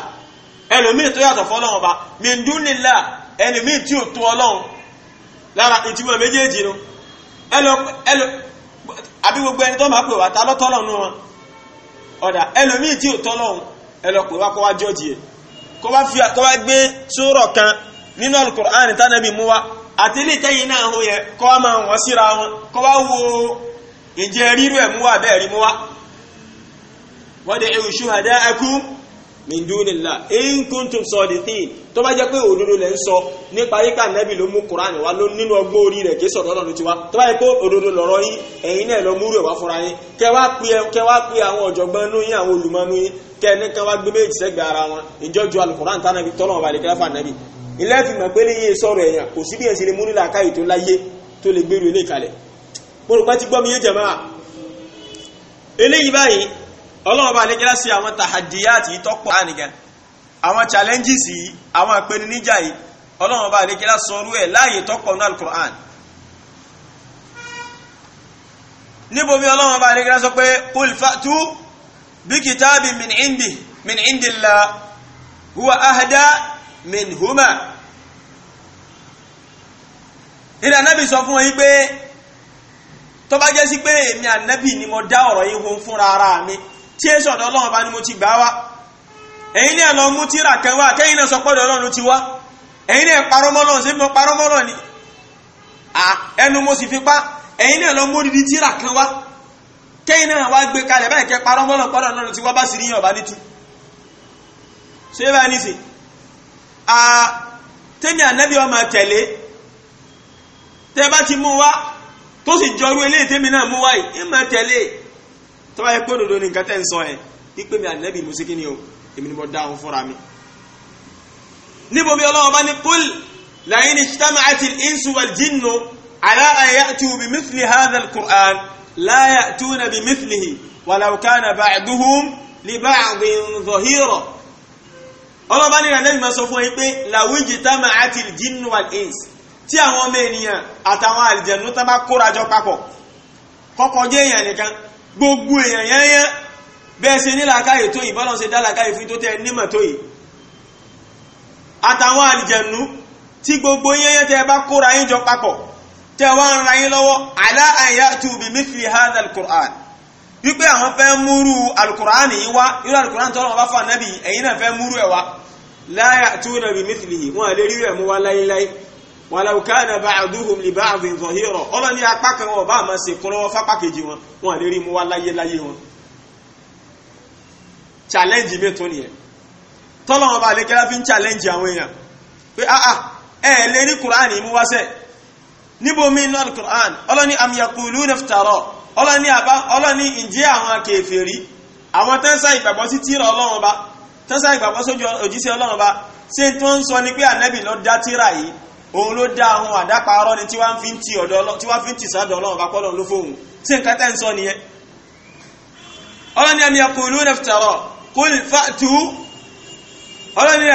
ẹlòmíì tó yàtọ̀ fọ́lọ́run ọba min dunillah ẹlòmíì tí ò tó Ọlọ́run lára ìtumọ̀ méjèèjì nu ẹlò ẹlò àbí gbogbo ẹni tó máa pè wá ta lọ́tọ́lọ́run nu wọn ọ̀dà ẹlòmíì tí ò tọ́lọ́run ẹlò pè wá kó wá jọ́ọ̀jì yẹn. kó bá fi kó bá gbé sóòrọ̀ kan nínú alukur'an tánàbí mú wa àti ilé ìtẹ́yìn náà hó yẹ kó wá máa wọ́n síra wọn kó wá wo ìjẹ́ rírú ẹ̀ mú wa bẹ́ẹ̀ rí mú wa. wad'u shuhada'akum min dunillah in kuntum sadiqin tó bá jẹ́ pé òdodo lẹ́ ń sọ nípa yípa nẹ́bì ló mú quran wá ló nínú ọgbọ́n orí rẹ̀ kìí sọ̀rọ̀ tiwa òdodo yín kẹ́ni kan wá gbé méjì sẹ́gbẹ̀ ara wọn ìjọ ju alukoran tánà bí tọ́lọ́wọ́n balẹ̀ kíláfà nàbí ilé fi mọ̀ pé léyìn sọ̀rọ̀ èèyàn kò sí bí ẹ̀ sì lè múnilà káyì tó láyé tó lè gbèrú ilé kalẹ̀ mo rò pé ti gbọ́ mi yé jẹ̀mọ́ eléyìí báyìí ọlọ́wọ́n balẹ̀ kílá sí àwọn tàhàdíyàtì tọ́pọ̀ ànìkan àwọn challenges yìí àwọn ìpèníjà yìí ọlọ́wọ́n balẹ̀ kílá sọ̀rọ̀ ẹ̀ láàyè tọ́pọ̀ sọ بكتاب من عنده من عند الله هو أهدى منهما إلى النبي صلى الله عليه وسلم tó bá jẹ́ sí pé èmi ni mo da ọ̀rọ̀ yìí hun fúnra ara mi tí èso mo ti gbà wá ẹ̀yin ní ẹ̀lọ́ mú tíra kan wá kẹ́yìn náà sọ mo kẹ́yìn náà wá gbé kalẹ̀ báyìí kẹ́ parọ́ mọ́lọ̀ pọ́lọ̀ náà ti wá bá sí ní ọ̀bá nítú ṣé bá ní sí a tẹ́mi ànábì ọmọ tẹ̀lé tẹ́ bá ti mú wá tó sì jọrú eléyìí tẹ́mi náà mú wá yìí ìmọ̀ tẹ̀lé tó bá yẹ pé òdodo nìkan tẹ́ ń sọ ẹ̀ pípé mi ànábì mo sí kí ni o èmi ni mo dá òun fúnra mi níbo mi ọlọ́wọ́ bá ní kúl la'in ijtama'ati al-insu wal jinnu ala an ya'tu bi mithli لا يأتون بمثله ولو كان بعضهم لبعض ظهيرا ọlọ́run bá ní ìrànlẹ́bí máa sọ fún yín pé làwíjì táwọn àti ìjìnnú àìs tí àwọn ọmọ ènìyàn àtàwọn àlìjẹ̀nú tán bá kórajọ papọ̀ kọ́kọ́ jẹ́ èèyàn nìkan gbogbo èèyàn yẹ́nyẹ́ bẹ́ẹ̀ ṣe ní làákàyè tó yìí bọ́lọ́n ṣe dá làákàyè fún tó tẹ́ nímọ̀ tó yìí àtàwọn àlìjẹ̀nú tí gbogbo yẹ́nyẹ́ tẹ́ bá kóra papọ̀ tẹwàá ń ra yín lọ́wọ́ àlá àyà tó bí mithli hadha alukur'an wípé àwọn fẹ́ múrú alukur'an yìí wá irú alukur'an tọ́lọ́ wọn bá fà nábì ẹ̀yin náà fẹ́ múrú ẹ̀ wá láyà tó nà bí mithli yìí wọn lè rí mú wá láyéláyé walau kana ba'duhum li ba'dhin zahira ọlọ́ni apá kan wọn bá àmọ́ ṣe kúnlọ́wọ́ fápá kejì wọn wọn lè rí mú wá láyéláyé wọn challenge mi nìyẹn tọ́lọ́wọ́n bá lè kẹ́lá fi ń challenge àwọn èèyàn pé ah lè rí kùránì mú wá sẹ́ẹ̀ níbo mi inú alukur'an ọlọ́ni amiyakulu neftarọ ọlọ́ni àbá ọlọ́ni ǹjẹ́ àwọn kèfèrí àwọn tẹ́ńsà ìgbàgbọ́ sí tíra ọlọ́run ba tẹ́ńsà ìgbàgbọ́ sójú òjíṣẹ́ ọlọ́run ba ṣé tí wọ́n ń sọ ni pé ànábì ló dá tíra yìí òun ló dá àwọn àdáparọ́ ni tí wọ́n fi ń ti ọ̀dọ̀ ọlọ́ tí wọ́n fi ń ti sọ́dọ̀ ọlọ́run ba kọ́lọ́run ló fóun ṣé nǹkan tẹ́ ń sọ nìyẹn ọlọ́ni amiyakulu neftarọ kul fatu ọlọ́ni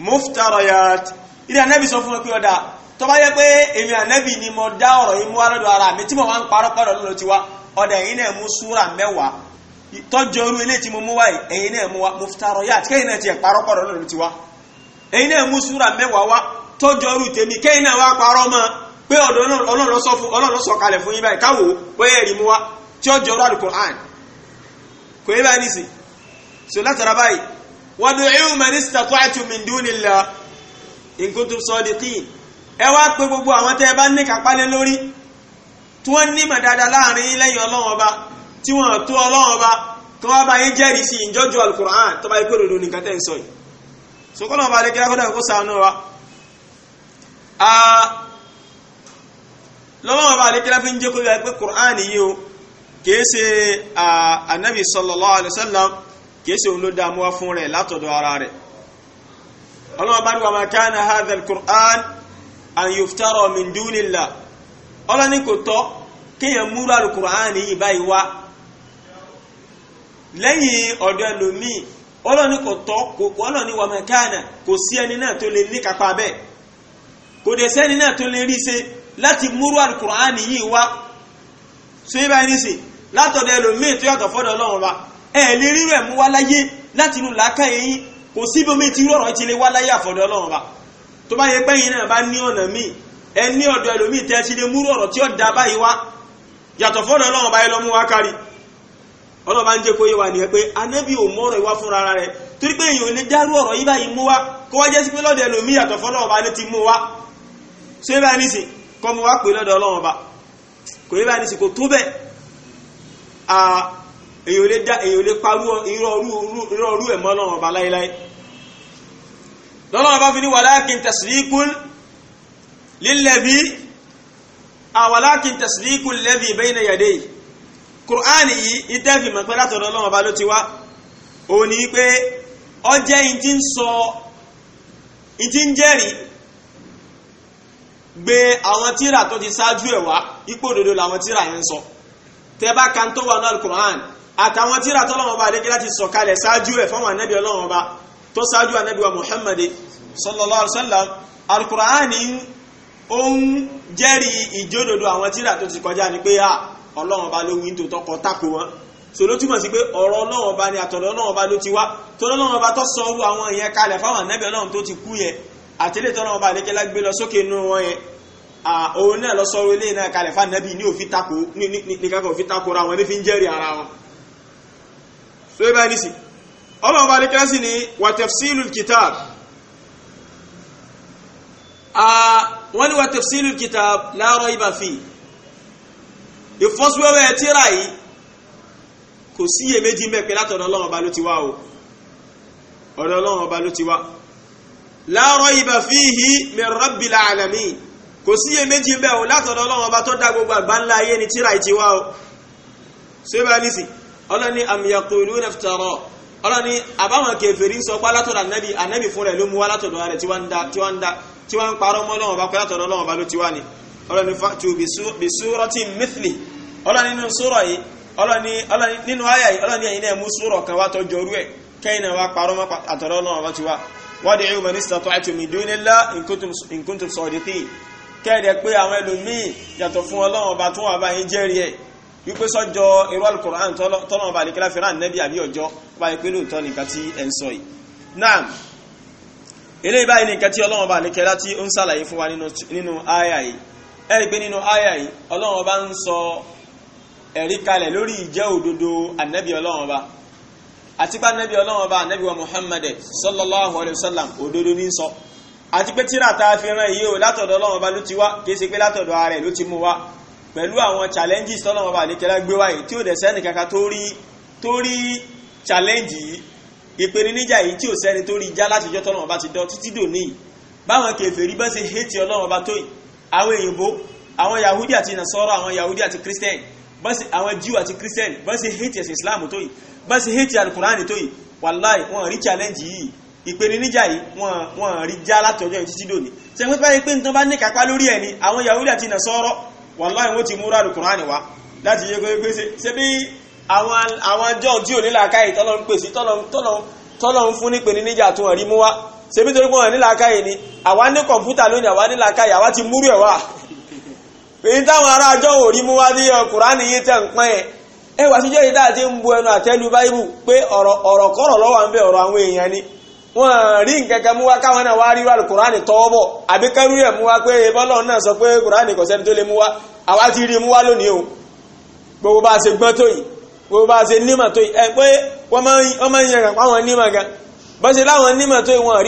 muftarayat ilé anabi sọ fún mi pé ọ̀dà tó bá yẹ pé èmi anabi ni mo dá ọrọ yìí mú wá lọ́dọ̀ ara mi tí mo wá ń parọ́ pọ̀dọ̀ lọ́dọ̀ tiwa náà mú súra orú ilé tí mo mú wáyé wa muftarayat kẹ́yìn náà tiwa ẹ̀yin náà mú súra mẹ́wàá wá wa tí ó orú Al-Qur'an kò yẹ báyìí wad'u man istata'tum min dunillah in kuntum sadiqin ẹ wá pé gbogbo àwọn tẹ́ ẹ bá ní kápálẹ́ lórí tí wọ́n ní mọ̀dáadáa láàrin lẹ́yìn ọlọ́run ọba tí wọ́n tó ọlọ́run ọba tó wá bá yín jẹ́rìí sí ìjọ́jú alukur'an tó bá yẹ kó dodo nìkan tẹ́ ń sọ yìí sokolo ọba adé kílákọ́dà kó sànú wa lọ́wọ́ ọba adé kílákọ́ ń jẹ́ kó yẹ pé kur'an yìí o kìí ṣe anabi sallallahu alaihi wasallam kìí ṣe òun ló dá mú wá fún rẹ̀ látọ̀dọ̀ ara rẹ̀ ọlọ́wọ́ bá ní wa ma kana hadha al-Qur'an an yuftara min dunillah ọlọ́ni kò tọ́ kéèyàn múra al-Qur'an yìí báyìí wá lẹ́yìn ọ̀dọ̀ ẹlòmíì ọlọ́ni kò tọ́ kòkó ọlọ́ni wa ma kana kò sí ẹni náà tó lè ní bẹ́ẹ̀ kò dẹ̀ sẹ́ni náà tó lè rí ṣe láti múrú al-Qur'an yìí wá ṣé báyìí ní sè látọ̀dọ̀ ẹlòmíì tó yàtọ̀ fọ́dọ̀ ọlọ́run wa ẹ lè rí rẹ̀ mú wá láyé láti inú làákà yín kò síbi omi tí rọrùn ti lè wá láyé àfọ̀dọ̀ ọlọ́run bá tó bá yẹ pé yín náà bá ní ọ̀nà míì ẹ ní ọ̀dọ̀ ẹlòmíì tẹ́ ti lè mú rọrùn tí ó da báyìí wá yàtọ̀ fọ́dọ̀ ọlọ́run bá yẹ lọ mú wá kárí ọlọ́run bá ń jẹ́ kó yé wa nìyẹn pé anábì ò mọ̀ ọ̀rọ̀ ìwá fúnra rẹ̀ torí pé èèyàn lè dárú ọ̀rọ̀ yí báyìí mú wá kó wá jẹ́ sí pé lọ́dọ̀ ẹlòmíì yàtọ̀ fọ́dọ̀ ọba ló ti mú wá ṣé báyìí nìsín kọ́ mu wá pè lọ́dọ̀ ọlọ́run ọba kò yé báyìí nìsín kò tó bẹ́ẹ̀ èyí ò lè dá èyí ò lè parú irọ́rú ẹ̀ mọ́ lọ́wọ́ ọba láíláí lọ́wọ́ ọba fi ní wàlákin tasdiqul lilladhi àwàlákin tasdiqul ladhi bayna yadayhi kùránì yìí ìtẹ́fì mọ̀pẹ́ látọ̀dọ̀ lọ́wọ́ ọba ló ti wá òun ni pé ọjẹ́ ìdí ń sọ ìdí ń jẹ́rìí gbé àwọn tíra tó ti ṣáájú ẹ̀ wá ipò òdodo làwọn tíra yẹn ń sọ tẹ́ bá kan tó wà náà kùránì àtàwọn tíra tọ́lọ́wọ́n bá adékẹ́ láti sọ̀kalẹ̀ ṣáájú rẹ̀ fáwọn anábì ọlọ́wọ́n bá tó ṣáájú anábì wa muhammad sallallahu alaihi wasallam alukur'ani ó ń jẹ́rìí ìjódodo àwọn tíra tó ti kọjá ni pé ah, ọlọ́wọ́n bá ló wí tó tọkọ tako wọn so ló túmọ̀ sí pé ọ̀rọ̀ ọlọ́wọ́n bá ni àtọ̀dọ̀ ọlọ́wọ́n bá ló ti wá tó lọ́wọ́n bá tó sọ orú àwọn ìyẹn kalẹ̀ fáwọn anábì ọlọ́wọ́n tó ti kú yẹn àtẹ́lẹ̀ tọ́lọ́wọ́n bá adékẹ́ lá gbé lọ sókè inú fi ń jẹ́rìí so ẹ báyìí nísìn ọlọ́run bá lékẹ́ sí ni wa tafsilul kitab wọ́n ní wa tafsilul kitab la rayba fi ìfọ́síwẹ́wẹ́ tíra yìí kò sí iyèméjì ń bẹ pé látọ̀dọ̀ ọlọ́run ọba ló ti wá o ọ̀dọ̀ ọlọ́run ọba ló ti wá la rayba fihi min rabbil alamin kò sí iyèméjì ń bẹ o látọ̀dọ̀ ọlọ́run ọba tó dá gbogbo àgbáńlá ayé ni tíra yìí ti wá o so ẹ báyìí nísìn ọlọ́ni àmìyàkùlù nẹ́fẹ̀tọ̀rọ̀ ọlọ́ni àbáwọn kèfèrí ń sọ pé látọ̀dọ̀ ànábì ànábì fún rẹ̀ ló mú wá látọ̀dọ̀ rẹ̀ tí wọ́n ń da tí wọ́n ń da tí wọ́n ń parọ́ mọ́ lọ́wọ́ bá pé látọ̀dọ̀ lọ́wọ́ bá ló ti wá ni ọlọ́ni fatu bisurati mithli ọlọ́ni nínú sura yìí ọlọ́ni ọlọ́ni nínú àyà yìí ọlọ́ni ẹ̀yin náà mú sura kan wá tọ́jú ọrú ẹ̀ kẹ́yìn náà wá parọ́ mọ́ àtọ̀dọ̀ lọ́wọ́ bá ti wá wadi'u man istata'tum min dunillah in kuntum in kuntum sadiqin kẹ́ẹ̀dẹ̀ pé àwọn ẹlòmíì yàtọ̀ fún ọlọ́run ọba tó wà báyìí jẹ́rìí ẹ̀ wípé sọ́jọ́ irú alukur'an tọ́nà ọba àlekẹ́lá fi rán nẹ́bí àbí ọjọ́ ọba yìí pé lóòótọ́ nìkan tí ẹ̀ ń sọ yìí náà eléyìí báyìí nìkan tí ọlọ́run ọba àlekẹ́lá tí ó ń sàlàyé fún wa nínú àyà yìí ẹ rí i pé nínú àyà yìí ọlọ́run ọba ń sọ ẹ̀rí kalẹ̀ lórí ìjẹ́ òdodo ànẹ́bí ọlọ́run ọba àti pé ànẹ́bí ọlọ́run ọba wa Muhammad sallallahu alayhi wa sallam òdodo ní sọ àti pé tíra tá a fi rán yìí o látọ̀dọ̀ ọlọ́run ọba ló ti wá kì í ṣe pé látọ̀dọ̀ ara ẹ̀ ló ti mú wá pẹ̀lú àwọn challenges tọ́lọ́wọ́ bá àlékẹ́lá gbé wáyé tí ò dẹ̀ sẹ́ni kankan tó rí tó rí challenge yìí ìpèníjà yìí tí ò sẹ́ni tó rí já látijọ́ tọ́lọ́wọ́ bá ti dán títí dòní báwọn kèfèrí bá ṣe hétí ọlọ́wọ́ bá tó yìí àwọn èyìnbó àwọn yahudi àti nasọ́rọ̀ àwọn yahudi àti christian bọ́sì àwọn jew àti christian bọ́sì hétí ẹ̀sìn islam tó yìí bọ́sì hétí alukurani tó yìí wàláì wọn rí challenge yìí ìpèníjà yìí wọn rí já látọjọ́ títí dòní sẹ́ni pé pé nítorí bá ní kápá lórí ẹni àwọn yahudi àti nasọ́rọ̀ wàláhì wọ́n ti múra Al-Kùránì wá láti yẹ pé ṣe bí àwọn àjọ tí ò nílà káyì tọ́lọ́ ń pèsè tọ́lọ́ ń fún nípe ní níjà tó rí mú wá ṣe bí torí pé wọ́n nílà káyì ni àwa ní kọ̀ǹpútà lónìí àwa nílà káyì àwa ti múrú ẹ̀ wá èyí táwọn ará àjọ ò rí mú wá ní Al-Kùránì yìí tẹ̀ ń pọ́n yẹn ẹ wà síjọ́ yìí dáa ti ń bu ẹnu àtẹ́lu báyìí pé ọ̀rọ̀ kọ́rọ̀ lọ́wọ́ à ń bẹ ọ̀rọ̀ àwọn èèyàn ni wọ́n rí nkankan mú wá káwọn náà wá rí kùránì tọ́wọ́ bọ̀ àbí kẹ́rú ẹ̀ mú wá pé náà sọ pé kùránì kò sẹ́ni tó lè mú wá ti rí mú lónìí o gbogbo bá a ṣe gbọ́n tó yìí gbogbo bá a ṣe nímọ̀ tó yìí ẹ pé wọ́n máa ń yẹn kàn nímọ̀ gan ṣe láwọn nímọ̀ tó yìí wọ́n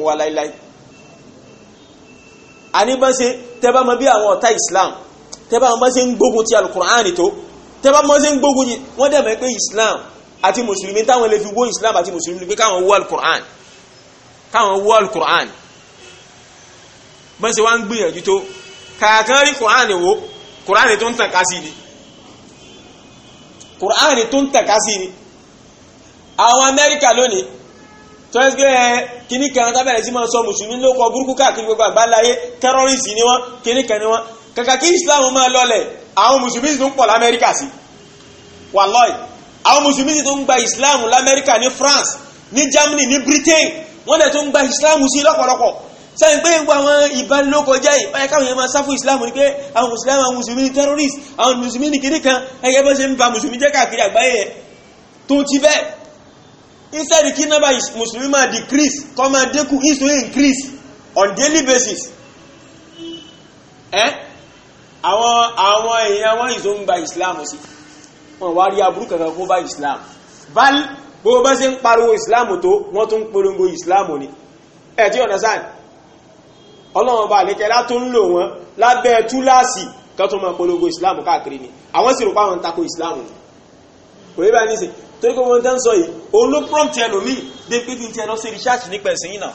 rí mú àníbánṣe tẹ́bá mọ bí àwọn ọ̀tá islam tẹ́bá mọ ṣe ń gbógun ti alukur'ani tó tẹ́bá mọ ṣe ń gbógun ti wọ́n dẹ̀ mọ̀ pé islam àti mùsùlùmí táwọn lè fi wó islam àti mùsùlùmí pé káwọn wó alukur'ani káwọn wó alukur'ani bọ́nṣe wá ń gbìyànjú tó kàkán rí kur'ani wo kur'ani tó ń tàn ká sí ni kur'ani tó ń tàn ká sí ni àwọn amẹ́ríkà lónìí tó ẹ́ gbé eh, kíní kan tábẹ̀rẹ̀ sí máa sọ mùsùlùmí ló kọ burúkú káàkiri gbogbo àbáláyé tẹ́rọ́rìsì ni wọ́n kíní kan ni wọ́n kàkà kí islam máa lọlẹ̀ àwọn mùsùlùmí sì tún pọ̀ lamẹ́ríkà sí wàlọ́ì àwọn mùsùlùmí sì tún gba islam lamẹ́ríkà ní france ní germany ní britain wọ́n dẹ̀ tún gba islam sí lọ́pọ̀lọpọ̀ sẹ́yìn pé gbogbo àwọn ìbánilókọjá ìbáyẹ káwọn yẹn máa sáfù islam ni pé àwọn mùsùlùmí àwọn mùsùlùmí ní terrorist àwọn mùsùlùmí ní kíní kan ẹ̀yẹ́ bọ́ ṣe ń ba mùsùlùmí jẹ́ káàkiri àgbáyé tó ti bẹ́ẹ̀ instead kí number mùsùlùmí máa decrease kọ́ máa dínkù insulin increase on daily basis Eh? àwọn àwọn èèyàn wọ́n ìzó ń gba islam sí wọ́n wá rí aburú kankan kó bá islam bal gbogbo bá ṣe ń pariwo islam tó wọ́n tún polongo islam ni ẹ̀ tí ọ̀nà sáà ọlọ́run bá àlékẹ́ látó ń lò wọ́n lábẹ́ túláàsì kan tó máa polongo islam káàkiri ni àwọn sì rò pé àwọn islam ni kò yẹ bá ní sè torí pé wọn tán sọ yìí òun ló prompt ẹlòmíì dé pé kí n tiẹ̀ lọ ṣe research nípa ẹ̀sìn yìí náà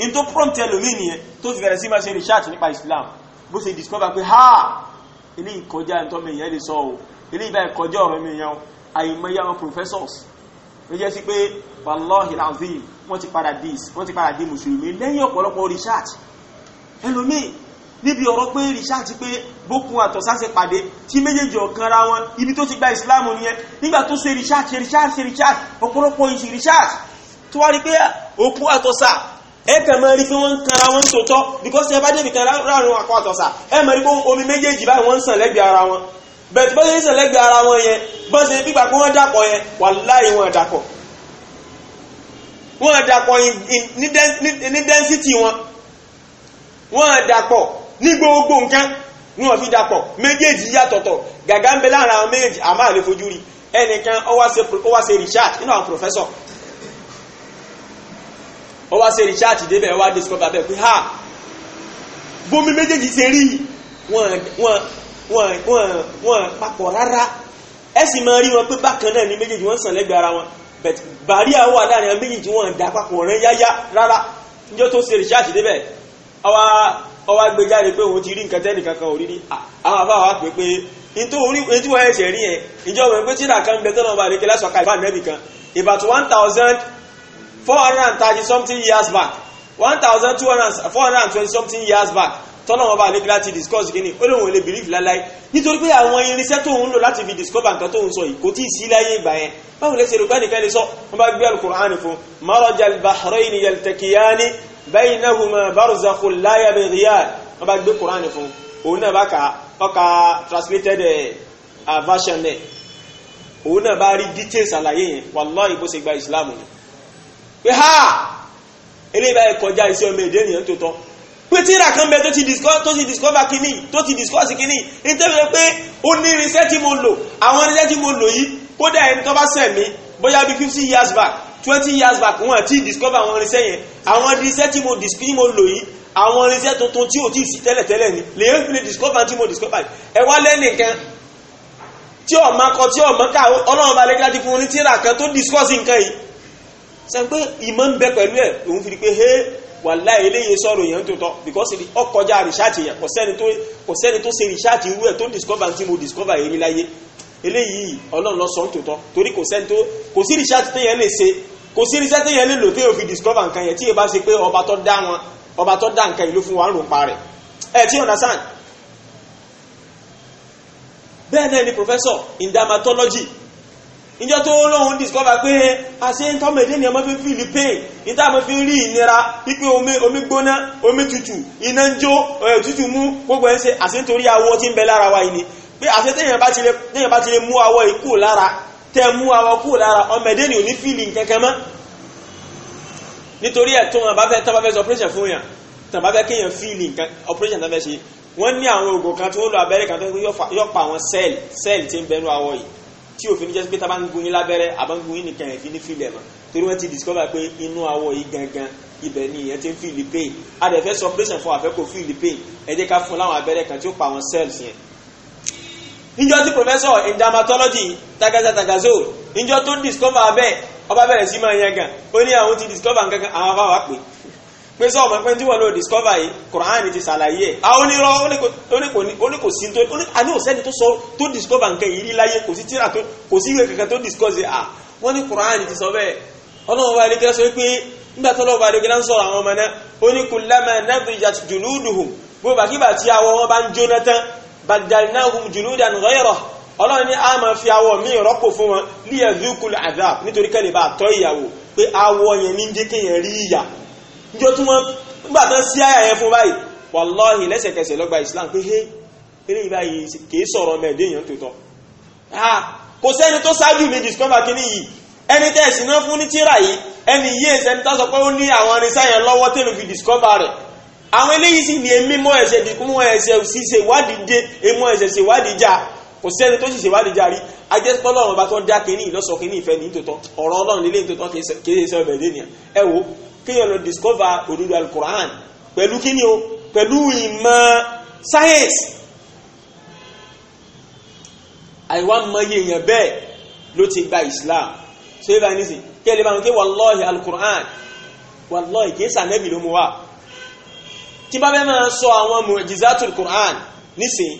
n tó prompt ẹlòmíì nìyẹn tó fi bẹ̀rẹ̀ sí máa ṣe research nípa Islam bó ṣe discover pé ha eléyìí kọjá ntọ́ mi ìyẹn lè sọ o eléyìí báyìí kọjá ọ̀rọ̀ mi ìyẹn o àyìnbáyà wọn professors ló jẹ́ sí pé wàláhì làzim wọ́n ti padà dis wọ́n ti padà di mùsùlùmí lẹ́yìn ọ̀pọ̀lọpọ̀ research ẹlòmíì níbi ọ̀rọ̀ pé rìṣà ti pé bókun àtọ̀sáṣe pàdé tí méjèèjì ọ̀kanra wọn ibi tó ti gba ìsìláàmù nìyẹn nígbà tó ṣe rìṣà ṣe rìṣà ṣe rìṣà ọ̀pọ̀lọpọ̀ ìṣe rìṣà tó wá rí pé ah, òkú àtọ̀sà ẹ kàn máa rí pé wọ́n ń kanra wọn tòótọ́ because ẹ bá débi kan láàrin àkọ́ àtọ̀sà ẹ máa rí pé omi méjèèjì báyìí wọ́n ń sàn lẹ́gbẹ̀ẹ́ ara wọn bẹ̀tí bọ́sẹ̀ ìsẹ̀ lẹ́gbẹ̀ẹ́ ara wọn yẹn bọ́sẹ̀ pípa pé wọ́n dàpọ̀ yẹn wàláhì wọn dàpọ̀ wọn dàpọ̀ ní density wọn wọn dàpọ̀ ní gbogbo nǹkan ní wọ́n fi dapọ̀ méjèèjì yàtọ̀tọ̀ gàgà ń bẹ láàrin àwọn méjèèjì àmà àlè fojú rí ẹnìkan ó wá ṣe Richard nínú àwọn professor ó wá ṣe Richard débẹ̀ ó wá discover bẹ́ẹ̀ pé ha bómi méjèèjì ṣe rí wọn papọ̀ rárá ẹ sì máa rí wọn pé bákan náà ni méjèèjì wọn sàn lẹ́gbẹ̀ẹ́ ara wọn bẹ̀t bàrí àwọn àdáni àwọn méjèèjì wọn dà papọ̀ rẹ́ yáyá rárá níjọ́ tó ṣe research débẹ̀ ọwá gbé jáde pé òun ti rí nǹkan tẹ́nì kankan ò rí ní àwọn àbá wa pè pé ètò orí tí wọ́n ẹ̀ṣẹ̀ rí ẹ̀ ìjọba ìpé tíra kan bẹ tọ́nà ọba àdékẹ́ lásọ̀ka ìbá nẹ́bì kan about one thousand four hundred and thirty something years back one thousand two hundred four hundred and twenty something years back tọ́nà ọba àdékẹ́ láti discuss kínní ó lóun ò lè believe láláì nítorí pé àwọn irinṣẹ́ tóun lò láti fi discover nǹkan tóun sọ yìí kò tí ì sí láyé ìgbà yẹn báwo lè ṣe rògbẹ́nìkan lè sọ wọ́n bá gbé alukur'an fún marajal bahrayni yaltakiyani baynahuma barzakhun la yabghiyan wọ́n bá gbé kùránì fún òun náà bá ka ọkà translated eh, version náà òun náà bá rí details àlàyé yẹn wallahi bó ṣe gba islam ni pé ha eléyìí báyìí kọjá iṣẹ́ ọmọ èdè ènìyàn tó tọ́ pé tíra kan bẹ tó ti discover kínní tó ti discuss kínní nítorí pé ó ní irinṣẹ́ tí mo lò àwọn irinṣẹ́ tí mo lò yìí kódà ẹni tó bá sẹ̀ mí bóyá bí fifty years back twenty years back wọn àti discover àwọn irinṣẹ́ yẹn àwọn irinṣẹ́ tí mo discover mo lò yìí àwọn irinṣẹ́ tuntun tí ò tí ì sí tẹ́lẹ̀tẹ́lẹ̀ ni lèyìn fi lè discover tí mo discover ẹ wá lẹ́nu nǹkan tí ọ̀ma kọ tí ọ̀ma ká ọlọ́run balẹ̀ kíláàdì fún ní tíra kan tó discuss nǹkan yìí ṣe pé ìmọ̀ ń bẹ pẹ̀lú ẹ̀ òun fi di pé hey wàláì eléyìí sọ̀rọ̀ yẹn tó tọ́ because ọkọjá rìsáàtì yẹn kò sẹ́ni tó kò sẹ́ni tó ṣe rìsáàtì irú ẹ̀ tó discover tí mo discover yìí láyé eléyìí ọlọ́run lọ sọ ń tòótọ́ torí kò sẹ́ni tó kò sí rìsáàtì téèyàn lè ṣe kò sí irinṣẹ́ téèyàn lè lò téèyàn fi discover nǹkan yẹn tí yẹn bá ṣe pé ọba tó dá wọn ọba tó dá nǹkan yìí ló fún wa ń rò pa rẹ̀ ẹ ti understand bẹ́ẹ̀ náà ni professor in dermatology ìjọ tó lóun discover pé àṣẹ ntọ́mẹ̀dé ni ọmọ fi feel pain níta mo fi rí ìnira pípé omi gbóná omi tutù iná ń jó òtútù mú gbogbo ẹ̀ ń ṣe àṣẹ nítorí awọ tí ń bẹ lára wa yìí ni pé àṣẹ téèyàn bá ti lè mú awọ yìí kúrò lára tẹ mú awọ kú lára ọmọdé ni ò ní fíìlì kankan mọ́ nítorí ẹ̀ tó wọn bá fẹ́ tán bá fẹ́ ṣe operation fún yàn tán bá fẹ́ kéèyàn fíìlì nǹkan operation tán fẹ́ ṣe wọ́n ní àwọn oògùn kan tí wọ́n lo abẹ́rẹ́ kan tó yọ pa àwọn sẹ́ẹ̀lì sẹ́ẹ̀lì tí ń bẹnu awọ yìí tí òfin jẹ́ pé tábà ń gun yín lábẹ́rẹ́ àbá ń gun yín nìkan ẹ̀fín ní fíìlì ẹ̀mọ́ torí wọ́n ti discover pé inú awọ yìí gangan ibẹ̀ ni ìyẹn ti ń fíìlì pain adẹ̀fẹ́ sọ operation fún àfẹ́kọ̀ fíìlì pain ẹ jẹ́ ká fún láwọn abẹ́rẹ́ kan tí ó pa àwọn sẹ́ẹ̀lì yẹn níjọ́ tí professor in dermatology tagaza tagazo níjọ́ tó discover abẹ́ ọba bẹ̀rẹ̀ sí máa yangàn ó ní àwọn ti discover nǹkan kan àwọn afáwà pè pé sọ ọmọ pé tí wọn lọ discover yìí Quran ti ṣàlàyé ẹ̀ àwọn onírọ́ ó ní kò sí tó àní òsẹ́ni tó sọ tó discover nǹkan yìí láyé kò sí tíra tó kò sí ìwé kankan tó discuss à wọ́n ní Quran ti sọ bẹ́ẹ̀ ọlọ́run wa adékẹ́lá sọ pé nígbà tó lọ́wọ́ adékẹ́lá ń sọ̀rọ̀ àwọn ọmọ náà ó ní kullama nabijat juluduhum gbogbo badalnahum juludan ghayra ọlọ́run ní a máa fi awọ míì rọ́pò fún wọn liyadhukul adhab nítorí kẹ́lẹ̀ bá tọ́ ìyàwó pé awọ yẹn ní jẹ́ kéèyàn rí ìyà níjọ́ tí wọ́n gbà tán sí àyà yẹn fún báyìí wàláhì lẹ́sẹ̀kẹsẹ̀ lọ́gbà Islam pé hé eré ìbáyìí kìí sọ̀rọ̀ mẹ́ẹ̀dé èèyàn tó tọ́ kò sẹ́ni tó ṣáájú mi discover kí ni yìí ẹni tẹ́ náà fún ní tíra yìí ẹni yíyẹ sẹ́ni tó sọ pé ó ní àwọn irinṣẹ́ yẹn lọ́wọ́ tẹ́lifí discover rẹ̀ àwọn eléyìí sì ní èmi mọ́ ẹ̀ṣẹ̀ dìkú mọ́ ẹ̀ṣẹ̀ sì ṣe wádìí dé èmọ́ ẹ̀ṣẹ̀ ṣe wádìí já kò sẹ́ni tó sì ṣe wádìí já rí ajẹ́sọ́ ọlọ́run bá tó dá kínní ìlọ́sọ̀ kínní ìfẹ́ ní tòótọ́ ọ̀rọ̀ ọlọ́run nílé tòótọ́ kìí ṣe ọbẹ̀ lẹ́nìyàn ẹ wo kéèyàn lọ discover òdodo alukoran pẹ̀lú kínní o pẹ̀lú ìmọ̀ science àìwá mọye èèyàn bẹ́ẹ̀ ló ti gba Islam ṣé ibà ní sìn kí ẹ lè bá wọn kí wàlọ́ọ̀hì alukoran wàlọ́ọ̀hì kìí sànẹ́bì ló mú wa tí bá bẹ́ẹ̀ máa sọ àwọn mu'jizatul Qur'an nísìn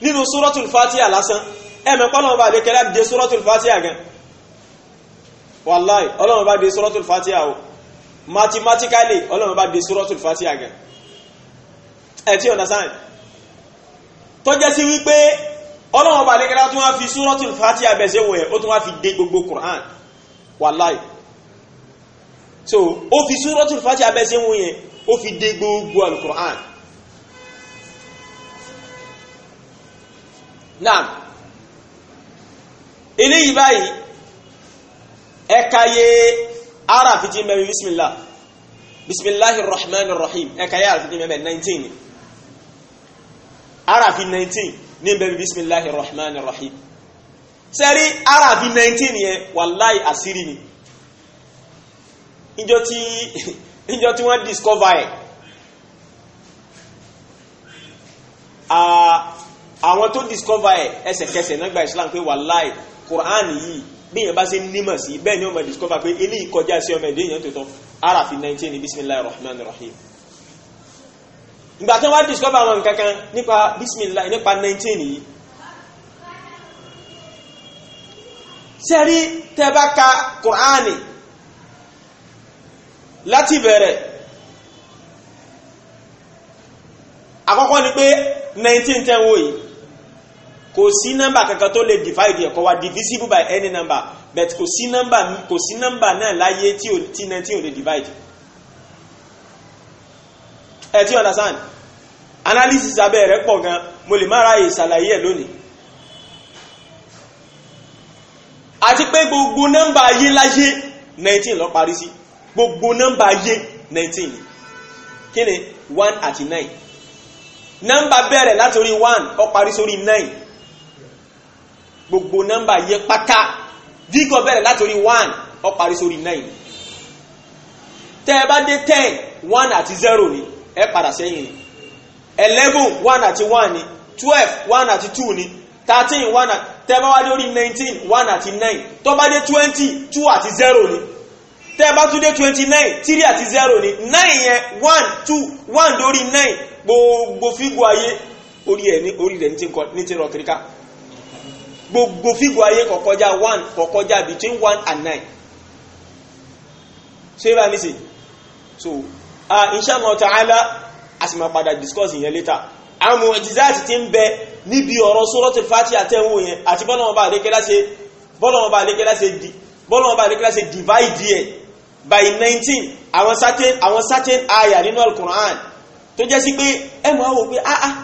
nínú suratul Fatiha lásán ẹ̀mẹ̀ pọ́lọ́wọ́ bá lè kẹ́lá dé suratul Fatiha gan wallahi ọlọ́wọ́ bá dé suratul Fatiha o mathematically ọlọ́wọ́ bá dé suratul Fatiha gan ẹ̀ tí understand tó jẹ́ sí wípé ọlọ́wọ́ bá lè kẹ́lá tún wá fi suratul Fatiha bẹ̀ ṣe wọ̀nyẹ̀ ó tún wá fi dé gbogbo Qur'an wallahi so ó fi suratul Fatiha bẹ̀ ṣe wọ̀nyẹ̀ ó fi dé gbogbo alukur'an naam eléyìí báyìí ẹ̀ka yé ara fìtí mẹ́rin bismillah bismillahir rahmanir rahim ẹ̀ka yé ara fìtí mẹ́rin 19 ara fi 19 ní bẹ́ẹ̀ bismillahir rahmanir rahim sẹ́rí ara fi 19 yẹn wàláì àṣírí ni ìjọ tí níjọ́ tí wọ́n discover ẹ̀ ah, àwọn tó discover ẹ̀ ẹsẹ̀kẹsẹ̀ náà gba Islam pé wàláì Quran yìí bí èèyàn bá ṣe nímọ̀ sí bẹ́ẹ̀ ni wọ́n máa discover pé eléyìí kọjá sí ọmọ ẹ̀dẹ́ èèyàn tó tọ́ arafi 19 bisimilahi rahman rahim ìgbà tí wọ́n discover àwọn nǹkan kan nípa bisimilahi nípa 19 yìí sẹ́rí tẹ́ bá ka Qur'ani láti bẹ̀rẹ̀ àkọ́kọ́ ni pé 1910 wo yìí kò sí nọ́mbà kankan tó lè divide ẹ̀kọ́ wa divisible by any number but kò sí nọ́mbà kò sí nọ́mbà náà láyé tí ò tí 19 ò lè divide ẹ ti understand analysis abẹ́ rẹ̀ pọ̀ gan mo lè má ráyè ṣàlàyé ẹ̀ lónìí àti pé gbogbo nọ́mbà ayé láyé 19 ló parí sí. Si gbogbo nọ́mbà ayé 19 kí ni 1 àti 9 nọ́mbà bẹ̀rẹ̀ látòrí 1 ó parí sórí 9 gbogbo nọ́mbà ayé pátá gígọ̀ bẹ̀rẹ̀ látòrí 1 ó parí sórí 9 tẹ́ ẹ bá dé 10 1 àti 0 ni ẹ padà sẹ́yìn ni one 1 àti 1 ni Twelve one àti two ni Thirteen one àti tẹ́ ẹ bá wá dé orí 19 one àti nine. tó bá dé 20 two àti zero ni tẹ́ bá tún dé twenty nine three àti zero ni nine yẹn one two one lórí nine gbogbo fígò ayé orí ẹ̀ ní orí rẹ̀ ní ti ń kọ ní ti rọ̀ kíríkà gbogbo fígò ayé kò kọjá one kò kọjá between one and nine ṣé bá nísì so uh, inshallah ta'ala a sì máa padà discuss yẹn later àwọn mu'jizat ti ń bẹ níbi ọ̀rọ̀ suratul Fatiha àtẹ̀wò yẹn àti bọ́lọ́mọba àdékẹ́lá ṣe bọ́lọ́mọba àdékẹ́lá ṣe di bọ́lọ́mọba àdékẹ́lá ṣe divide yẹn by nineteen àwọn certain àwọn certain aya nínú alukur'an tó jẹ́ sí pé ẹ mọ̀ àwọn Edekun, ah ah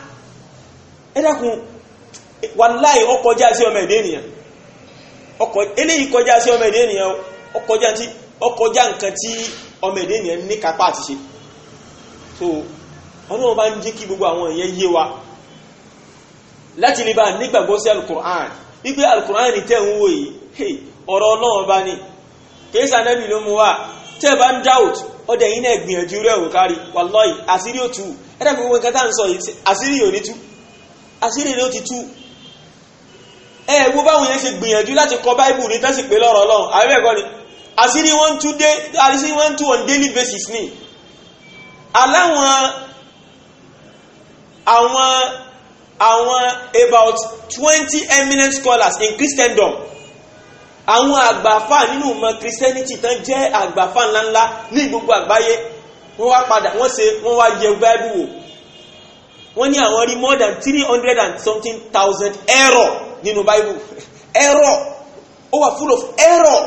ẹ dákun wàláì ó kọjá sí ọmọ ẹ̀dẹ́ ènìyàn ọkọ̀ eléyìí kọjá sí so ọlọ́run bá ń jẹ́ kí gbogbo àwọn èèyàn yé wa láti lè bá nígbàgbọ́ sí alukur'an wípé alukur'an tẹ̀ ń wò yìí ọ̀rọ̀ ọlọ́run bá kìí sànẹ́bì ló mú wá tẹ́ ẹ bá ń dáwòt ọdẹ yìí náà gbìyànjú rẹ̀ wò kárí wàlọ́ọ̀yì àṣírí ò tú ẹ̀dá gbogbo nǹkan tá à ń sọ yìí àṣírí ò ní tú àṣírí ló ti tú ẹ wo báwọn yẹn ṣe gbìyànjú láti kọ báìbù ní tẹ́sí pé lọ́rọ̀ ọlọ́run àbẹ́bẹ̀kọ́ ni àṣírí wọ́n tú dé àṣírí wọ́n tú on daily basis ni aláwọn àwọn àwọn about twenty eminent scholars in Christendom àwọn àgbàfà nínú ìmọ̀ christianity tán jẹ́ àgbàfà ńláńlá ní gbogbo àgbáyé wọ́n wá padà wọ́n ṣe wọ́n wá yẹ bible wò wọ́n ní àwọn rí more than three hundred and something thousand error nínú bible error ó wà full of error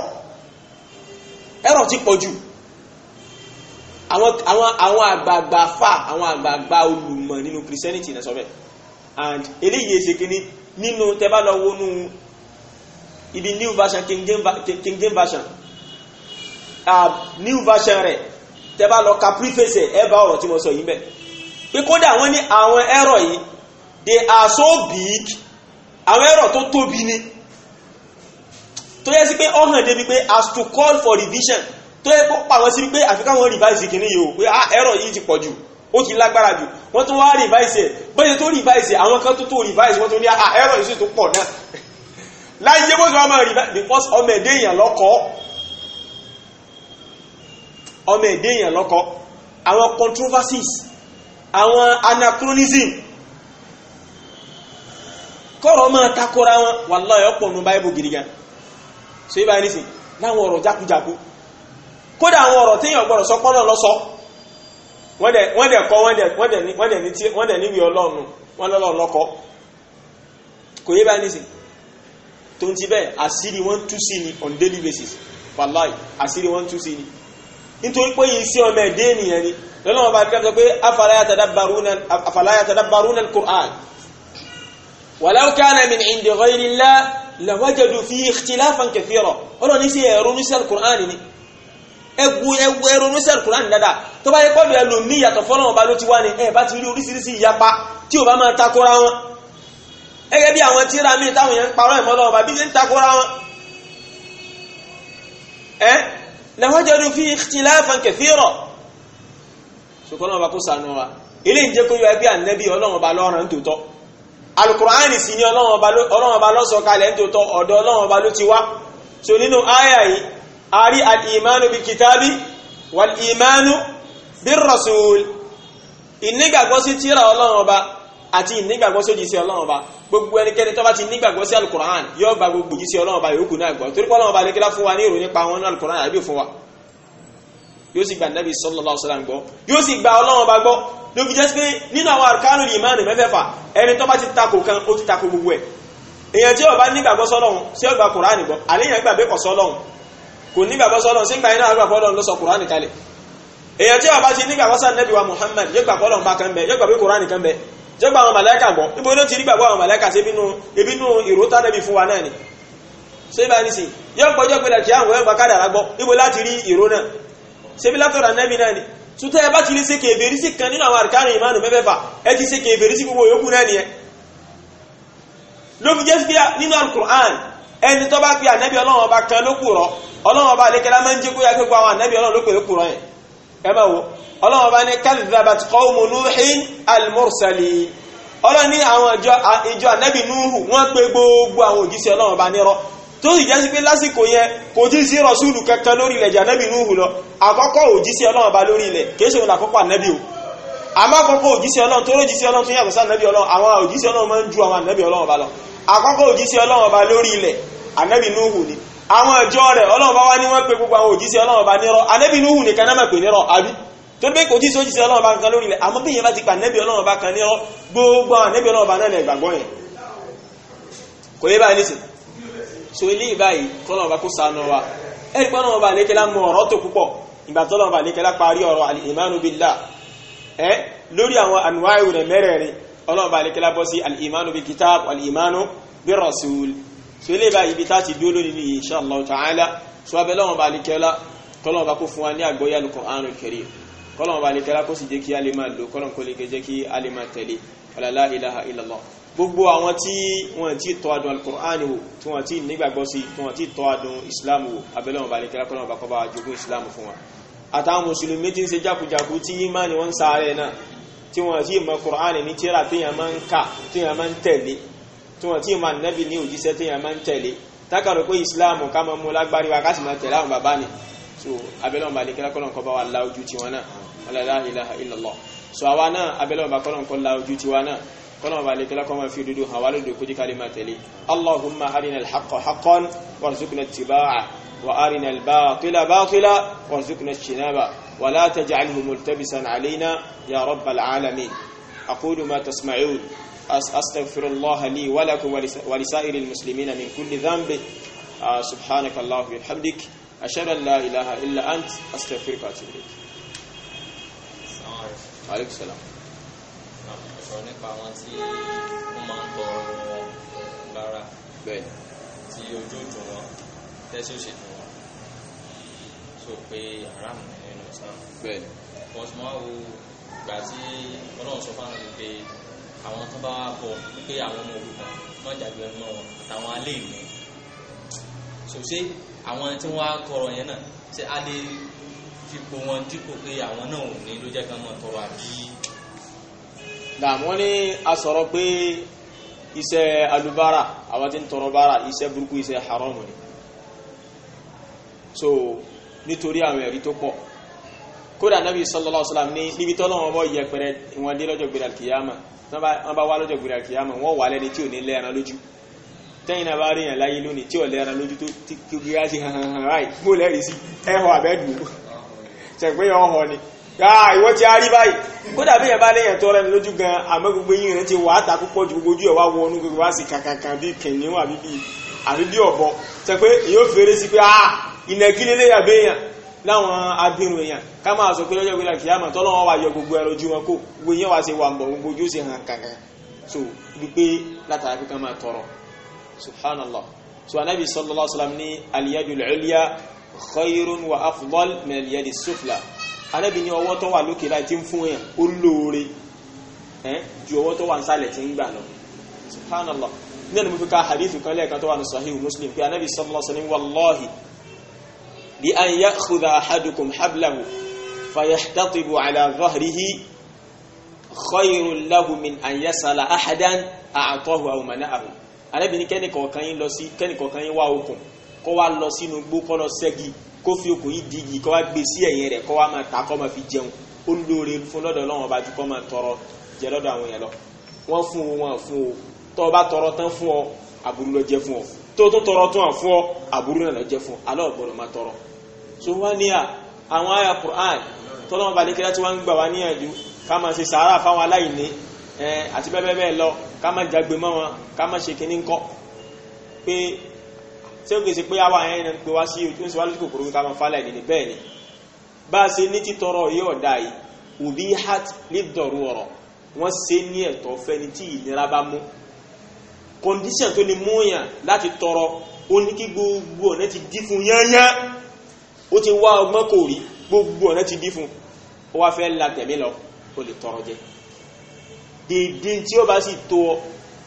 error ti pọ̀ jù àwọn àwọn àwọn àgbààgbà olùmọ̀ nínú christianity náà sọ bẹ́ẹ̀ and eléyìí ṣe kínní nínú tẹ́ ibi new version king james king james version uh, new version rẹ̀ tẹ́ bá lọ ka preface ẹ bá ọ̀rọ̀ tí mo sọ yìí bẹ̀ pé kódà wọ́n ní àwọn error yìí they are so big àwọn error tó tóbi ni tó yẹ sí pé ó hàn débi pé as to call for revision tó yẹ kó pa wọ́n sí pé àfi káwọn revise kìíní yìí o pé ah error yìí ti pọ̀ jù ó ti lágbára jù wọ́n tún wá revise ẹ̀ bẹ́ẹ̀ tó revise àwọn kan tó tó revise wọ́n tún ní ah error yìí sì tó pọ̀ náà láyé bó ti wá máa rí because ọmọ ẹ̀dẹ́ èèyàn lọ́kọ́ ọmọ ẹ̀dẹ́ èèyàn lọ́kọ́ àwọn controversies àwọn anachronism kọ́rọ̀ máa takora wọn wallahi ọ̀pọ̀ nù báyìí gidi gan so ibà ní sìn láwọn ọ̀rọ̀ jákujáku kódà àwọn ọ̀rọ̀ téèyàn gbọ́dọ̀ sọ pọ́nlọ́ lọ́sọ wọ́n dẹ̀ kọ́ wọ́n dẹ̀ níwèé ọlọ́run wọn lọ́lọ́run lọ́kọ́ kò yé báyìí ní sìn tó ń ti bẹ́ẹ̀ àṣírí wọ́n tú sí ni on daily basis wàláì àṣírí wọ́n tú sí ni nítorí pé yìí sí ọmọ ẹ̀dẹ́ ènìyàn ni lọ́lọ́wọ́ bá kẹ́kọ̀ọ́ pé afala yatadabbaruna al-Qur'an walau kana min indi ghayri Allah lawajadu fihi ikhtilafan kathira ọlọ́ni sí ẹ̀rọ ní sí al-Qur'an ni ẹgbù ẹgbù ẹrù oníṣẹ́ ìkùnrán dáadáa tó bá yẹ kọ́dù ẹlòmí ìyàtọ̀ ló ti wá ní ẹ̀ bá ti rí oríṣiríṣi ìyapa tí ò bá máa takora wọn gẹ́gẹ́ bí àwọn tíra míì táwọn yẹn ń parọ́ ẹ̀mọ́ lọ́wọ́ bàbí ṣe ń takora wọn ẹ́ lawajadu fi ikhtilafan kathira ṣùgbọ́n ọba kó sànú wa ilé ìjẹ́ kó yọ ẹgbẹ́ ànẹ́bí ọlọ́run ọba lọ́rùn tòótọ́ alukur'ani sì ni ọlọ́run ọba lọ́sọ̀kalẹ̀ tòótọ́ ọ̀dọ̀ ọlọ́run ọba ló ti wá so nínú àyà yìí a al-imanu bi kitabi wal-imanu bi rasul ìnígbàgbọ́ sí tíra ọlọ́run ọba àti ìnígbàgbọ́ sójì sí ọlọ́run ọba gbogbo ẹnikẹ́ni tó bá ti nígbàgbọ́ sí alukur'an yóò gba gbogbo jì sí ọlọ́run ọba yòókù náà gbọ́ torí pé ọlọ́run ọba alekela fún wa ní ìròyìn pa àwọn alukur'an àbí òfin wa yóò sì gba nàbì sallallahu alaihi wasallam gbọ́ yóò sì gba ọlọ́run ọba gbọ́ ló fi jẹ́ pé nínú àwọn arkanu ìmáànì mẹ́fẹ̀ẹ̀fà ẹni tó bá ti tako kan ó ti tako gbogbo ẹ̀ èèyàn tí ó bá nígbàgbọ́ sọ́lọ́run sí ó gba kùránì gbọ́ àléèyàn gbàgbé kọ̀ jẹ́gbà àwọn màláìkà gbọ́ níbo ló ti rí gbàgbọ́ àwọn màláìkà sí ebínú ìró tánàbí fún wa náà ni ṣé bá ní sí yóò gbọ́jọ́ pé lẹ́kì àwọn ẹgbà kádàrá gbọ́ níbo láti rí ìró náà ṣé bí látọ̀rọ̀ nẹ́bí náà ni tútẹ́ ẹ bá ti lè ṣe kèbèrí sí kan nínú àwọn àrìkárìn ìmánu mẹ́fẹ̀fà ẹ ti e kèbèrí sí gbogbo yòókù náà nìyẹn jẹ́ kan ọlọ́run ẹmọ wo ọlọ́wọ́n bá ní kadhabat qawmu nuhin al-mursalin ọlọ́ni àwọn ìjọ ànábì núhù wọ́n pè gbogbo àwọn òjíṣẹ́ ọlọ́wọ́n bá nírọ́ tó sì jásí pé lásìkò yẹn kò tí sí rọ̀súlù kankan lórí ilẹ̀ jù ànábì núhù lọ àkọ́kọ́ òjíṣẹ́ ọlọ́wọ́n bá lórí ilẹ̀ kìí ṣe òun àkọ́kọ́ o àmọ́ àkọ́kọ́ òjíṣẹ́ ọlọ́run tó rójíṣẹ́ ọlọ́run tó yàtọ̀ sí àwọn ẹjọ́ rẹ̀ ọlọ́run bá wá ní wọ́n pè gbogbo àwọn òjíṣẹ́ ọlọ́run bá nírọ́ anẹ́bí Nuhu nìkan náà mọ̀ pé nírọ́ àbí tó pé kò jíṣẹ́ òjíṣẹ́ ọlọ́run bá kan lórí ilẹ̀ àmọ́ bí yẹn bá ti pa anẹ́bí ọlọ́run bá kan nírọ́ gbogbo àwọn anẹ́bí ọlọ́run bá náà nẹ̀ gbàgbọ́ yẹn kò yé báyìí nísìn so ilé ìbáyìí kọ́lọ́run bá kó sànù wa ẹ̀rí pọ́n náà bá lékelá mọ ọ̀rọ̀ tó púpọ̀ ìgbà tó lọ́run bá lékelá parí ọ̀rọ̀ al-imanu billah ẹ lórí àwọn ànúwáyò rẹ̀ mẹ́rẹ̀ẹ̀rin ọlọ́run bá lékelá bọ́ sí al-imanu bil kitab wal rasul so ilé ìbá ibi táti dúó lónìí ní insha Allah ta'ala so abẹ́ lọ́wọ́n bá lè kẹ́lá kọ́lọ́wọ́n bá kó fún wa ní àgbọ́yé al-Qur'an al-Karim kọ́lọ́wọ́n bá lè kẹ́lá kó sì jẹ́ kí a lè máa lò kọ́lọ́wọ́n kó lè jẹ́ kí a lè máa tẹ̀lé la ilaha illallah gbogbo àwọn tí wọ́n ti tọ́ adùn al-Qur'an wò tí wọ́n ti nígbàgbọ́ sí tí wọ́n ti tọ́ adùn islam wò abẹ́ lọ́wọ́n bá lè kẹ́lá kọ́lọ́wọ́n bá kọ́ bá jogún islam fún wa àtàwọn mùsùlùmí ti ń ṣe jákujàku tí ìmáàni wọ́n ń sáré náà tí wọ́n sì mọ Qur'an ní tíra téèyàn máa ń kà téèyàn máa ń tẹ̀lé tí wọ́n tí ma nẹ́bí ní òjíṣẹ́ tí yẹn máa ń tẹ̀lé tákàrọ̀ pé ìsìláàmù ká máa mú lágbárí wa ká sì máa tẹ̀lé àwọn bàbá ni so abẹ́lọ́mọba ní kílákọ́ náà kọ́ bá wa la ojú tiwọn náà la ilaha illallah so àwa náà abẹ́lọ́mọba kọ́ náà kọ́ la ojú tiwa náà kọ́nà bá lè kí lákọ́ máa fi dúdú hàn wà lódò kó jí kalima tẹ̀lé allahumma arinal haqqa haqqan warzuqna ittiba'a wa arinal batila batila warzuqna ijtinaba wa la taj'alhu multabisan alaina ya rabbal alamin aqulu ma tasma'un أستغفر الله لي ولكم ولسائر المسلمين من كل ذنب سبحانك الله وبحمدك أشهد أن لا إله إلا أنت أستغفرك وأتوب إليك عليكم السلام sọ̀rọ̀ nípa àwọn tí wọ́n máa ń tọ ọrùn wọn lára tí ojú òjò wọn tẹ́sí òṣèlú wọn sọ pé aráàmù nínú ìsàn. bọ́sùn máa wo ìgbà tí ọlọ́run sọ fáwọn ẹni pé àwọn tó bá bọ̀ pé àwọn ọmọ òrukàn wọn jàgbé ẹnu wọn àtàwọn alẹ́ ìní ṣòṣe àwọn tí wọ́n á tọrọ yẹn náà ṣe á lè fipò wọn dípò pé àwọn náà ò ní ló jẹ́ kí wọ́n tọrọ àbí. dààmú ni a sọ̀rọ̀ pé iṣẹ́ alubára àwọn tí ń tọrọ bára iṣẹ́ burúkú iṣẹ́ haramu ni so nítorí àwọn ẹ̀rí tó pọ̀ kódà nabi sallallahu alaihi wasallam ní níbi tọ́lọ́wọ́n bọ́ yẹpẹrẹ ìwọ̀n dé lọ́jọ́ gbéra kìyàmà wọ́n bá wá lọ́jọ́ gbèrè àkíyàmọ̀ wọ́n wà lẹ́ni tí ò ní lẹ́ran lójú tẹ́yìn náà bá rí yàn láyé lónìí tí ò lẹ́ran lójú tó ti kiri á sí hàn ráì mo lẹ́rìí sí ẹ̀họ́ àbẹ́dù ṣẹ̀gbẹ́ ọ̀họ́ ni ìwọ́n ti á rí báyìí kódà bí yàn bá lẹ́yìn tó rẹ́ni lójú gan àmọ́ gbogbo yín rẹ̀ ti wà á ta púpọ̀ ju gbogbo ojú ẹ̀ wá láwọn abirùn èèyàn ká máa sọ pé lọ́jọ́ ìgbéra kìyàmà tọ́lọ́wọ́ wa yọ gbogbo ẹrọ ojú wọn kó gbogbo èèyàn wá ṣe wà ń gbogbo ojú ṣe hàn kankan so wípé látara pé ká máa tọrọ subhanallah so anabi sallallahu alaihi wasallam ní aliyadu al-ulya khayrun wa afdal min aliyadi sufla anabi ní ọwọ́ tó wà lókè láì tí ń fún yàn ó lóore ju ọwọ́ tó wà ń sálẹ̀ tí ń gbà lọ subhanallah nínú mi fi ka hadith kan lẹ́ẹ̀kan tó wà ní sahih muslim pé anabi sallallahu alaihi wasallam wallahi bí an ya'khudha ahadukum hablahu fayahtatibu ala dhahrihi khayrun lahu min an yasala ahadan a'tahu aw mana'ahu arábìnrin kẹ́nìkọ̀ọ̀kan yín lọ sí kẹ́nìkọ̀ọ̀kan yín wá okùn kó wá lọ sínú gbó kó lọ sẹ́gi kó fi okùn yìí digi kó wá gbé sí ẹ̀yìn rẹ̀ kó wá máa ta kó máa fi jẹun ó lóore fún lọ́dọ̀ Ọlọ́run ọba ju kó máa tọrọ jẹ lọ́dọ̀ àwọn yẹn lọ wọ́n fún o wọ́n fún o tọ́ ọ bá tọrọ tán fún ọ àbúrú lọ jẹ fún ọ tó tún tọrọ tún à fún ọ àbúrú náà jẹ́ fún alọ́ ọ̀gbọ́dọ̀ máa tọrọ so wá ní à àwọn àyà Qur'an tọ́lọ́wọ́n balẹ̀ kí láti wá ń gbà wá níyànjú ká máa ṣe sàárà fáwọn aláìní àti bẹ́ẹ̀ bẹ́ẹ̀ lọ ká máa jagbe mọ́ wọn ká máa ṣe kínní kọ́ pé tí ó kèsì pé àwọn àyàn ẹni pé wá sí ojú ń sọ wá lójú kòkòrò ká máa fálẹ̀ nìyí bẹ́ẹ̀ ni bá a ṣe ní títọrọ yìí ọ̀dà yìí òbí hat lè dọ̀rù ọ̀rọ̀ wọ́n ṣe ní ẹ̀tọ́ fẹ́ni tí ìnira bá mú condition tó ní múyàn láti tọrọ ó ní kí gbogbo ọ̀nà ti dí fún yányá ó ti wá ọgbọ́n kò rí gbogbo ọ̀nà ti dí fún ó wá fẹ́ la tẹ̀mí lọ ó lè tọrọ jẹ dèdè tí ó bá sì tó ọ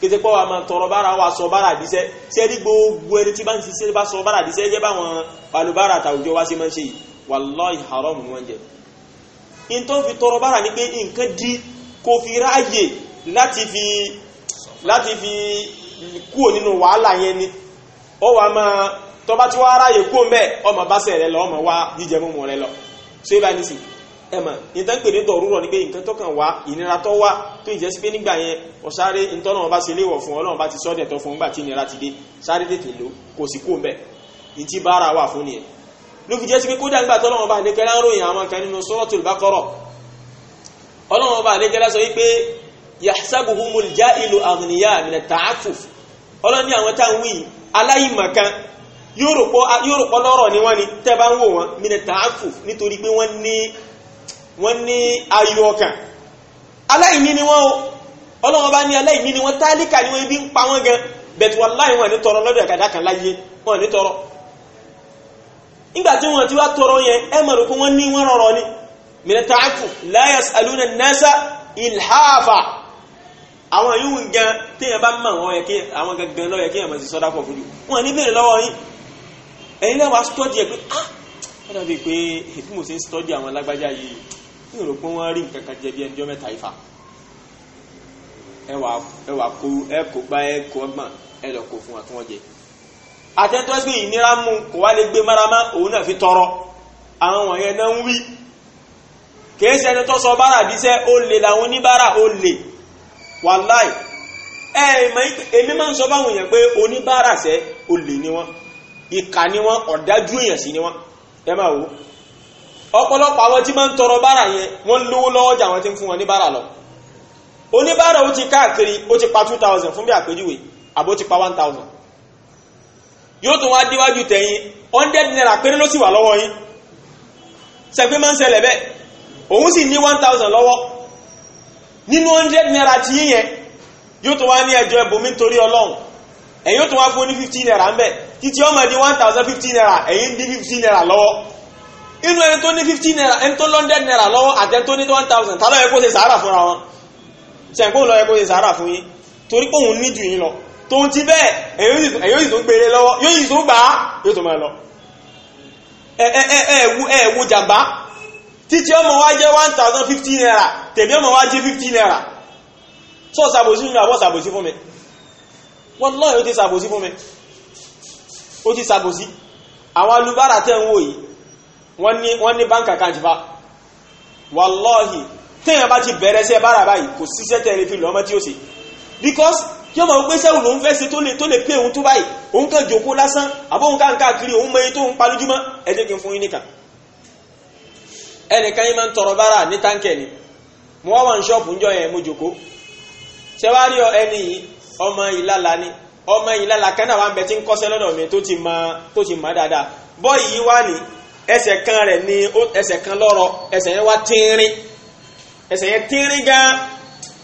kété pọ́ wa máa tọrọ bára wa sọ bára àdíṣẹ́ sẹ́rí gbogbo ẹni tí bá ń ṣiṣẹ́ bá sọ bára àdíṣẹ́ jẹ́ báwọn balùbára àtàwùjọ wá sí máa ń ṣe yìí wallahi haram wọn jẹ in tó fi tọrọ bára ní pé nǹkan dí kò fi ráàyè láti fi láti fi kúò nínú wàhálà yẹn ni ó wà máa tó bá ti wá ráyè kúò mẹ́ ọmọ bá sẹ̀ rẹ lọ ọmọ wá jíjẹ mímu rẹ lọ ṣé bá ní sí ẹ mà nǹkan pè ní tọ̀rúrọ̀ ni pé nǹkan tó kàn wá ìnira tó wá tó ìjẹ́ sí pé nígbà yẹn ọ̀sáré ntọ́nà ọba ṣe léwọ̀ fún ọlọ́run bá ti sọ́dẹ̀ tó fún nígbà tí ìnira ti dé sáré tètè lò kò sí kúò mẹ́ ìtì bára wà fún nìyẹn ló fi jẹ́ sí pé kódà nígbà tọ́lọ́run ọlọ́run ọba àdékẹ́lá ọlọ́ni àwọn táwọn wí aláìmọ̀kan yóò rò pọ́ lọ́rọ̀ ni wọ́n ni tẹ́ bá ń wò wọ́n mínẹ̀tà áfù nítorí pé wọ́n ní wọ́n ní ayọ̀ ọkàn aláìní ni wọ́n o ọlọ́wọ́n bá ní aláìní ni wọ́n tálíkà ni wọ́n ibi ń pa wọ́n gan bẹ̀tù wọ́n láì wọ́n ní tọrọ lọ́dọ̀ ẹ̀kadà kan láyé wọ́n ní tọrọ nígbà wọ́n ti wá tọrọ yẹn ẹ mọ̀ rò pé wọ́n ní wọ́n rọrọ ni mínẹ̀tà áfù la yasaluna nasa ilhafa àwọn yìí ń gan téèyàn bá mọ̀ wọn yẹ kí àwọn gangan lọ́yẹ kéèyàn mọ̀ sí sọ́dá pọ̀ fojú wọn ní bèrè lọ́wọ́ yín ẹ̀yin lẹ́wà stọ́dì ẹ̀ pé ah wọ́n dàbí pé bí mo ṣe ń stọ́dì àwọn alágbájá yìí mi ò rò pé wọ́n rí nǹkan kan jẹ bí ẹnjọ́ mẹ́ta ìfà ẹ wà kó ẹ kó gbá ẹ kó ọgbọ̀n ẹ lọ kó fún wa kí wọ́n jẹ àtẹ́ntọ́ ìnira wàláì ẹ ìmọ̀ èmi máa ń sọ báwọn èèyàn pé oníbàárà sẹ́ olè ni wọ́n ìkà ni wọ́n ọ̀dájú èèyàn sí ni wọ́n ẹ máa wò ọ̀pọ̀lọpọ̀ àwọn tí máa ń tọrọ bàrà yẹn wọ́n lówó lọ́wọ́ jà wọ́n ti ń fún wọn ní bàrà lọ oníbàárà ó ti káàkiri ó ti pa two thousand fún bí àpèjúwe àbó ti pa one thousand yóò tún wá díwájú tẹ̀yìn hundred naira péré ló sì wà lọ́wọ́ yín sẹ́gbẹ́ máa ń ṣẹlẹ̀ bẹ́ẹ̀ òun sì ní one thousand lọ́wọ́ nínú hundred naira ti yín yẹn yóò tó wá ní ẹjọ́ ẹ̀bùnmí torí ọlọ́run ẹ̀yin yóò tó wá fún ní fifteen naira ń bẹ̀ títí ọmọ di one thousand fifteen naira ẹ̀yin di fifteen naira lọ́wọ́ inú ẹni tó ní fifteen naira ẹni tó hundred naira lọ́wọ́ àtẹni tó ní one thousand tá ló yẹ kó ṣe sàárà fúnra wọn sẹ̀ǹkó ló yẹ kó ṣe sàárà fún yín torí pé òun ní jù yín lọ tòun ti bẹ́ẹ̀ ẹ̀yin yóò gbére lọ́wọ́ yóò sì gbà á yóò tó máa lọ ẹ ẹ ẹ ẹ ẹ wo jàmbá títí ọmọ wa jẹ́ one thousand fifteen naira tèmi ọmọ wa jẹ́ fifteen naira sọ ṣàbòsí fún mi àbọ̀ ṣàbòsí fún mi wọ́n lọ́yìn ó ti ṣàbòsí fún mi ó ti ṣàbòsí àwọn alubára tẹ́ ń wò yìí wọ́n ní wọ́n ní bank account fa wàlọ́ọ̀hì téèyàn bá ti bẹ̀rẹ̀ sí ẹ bára báyìí kò síṣẹ́ tẹ̀lé fi lọ́mọ tí ó ṣe because yóò mọ̀ pé sẹ́wù lòún fẹ́ ṣe tó lè tó lè pé òun tó báyìí òun kàn jòkó lásán àbóhun káàkiri òun mọ tó ń palójúmọ́ ẹ jẹ́ kí n fún yín nìkan ẹnìkan yìí máa ń tọrọ bára ní táǹkẹ̀ ni mo wá wà ní ṣọ́ọ̀bù ńjọ yẹn mo jòkó ṣé wàá rí ẹni yìí ọmọ ìlàlà ni ọmọ ìlàlà kan náà wà ń bẹ tí ń kọ́ṣẹ́ lọ́dọ̀ mi tó ti mọ tó ti mọ dáadáa bọ́ọ̀yì yìí wà ní ẹsẹ̀ kan rẹ̀ ní ẹsẹ̀ kan lọ́rọ̀ ẹsẹ̀ yẹn wá tínrín ẹsẹ̀ yẹn tínrín gan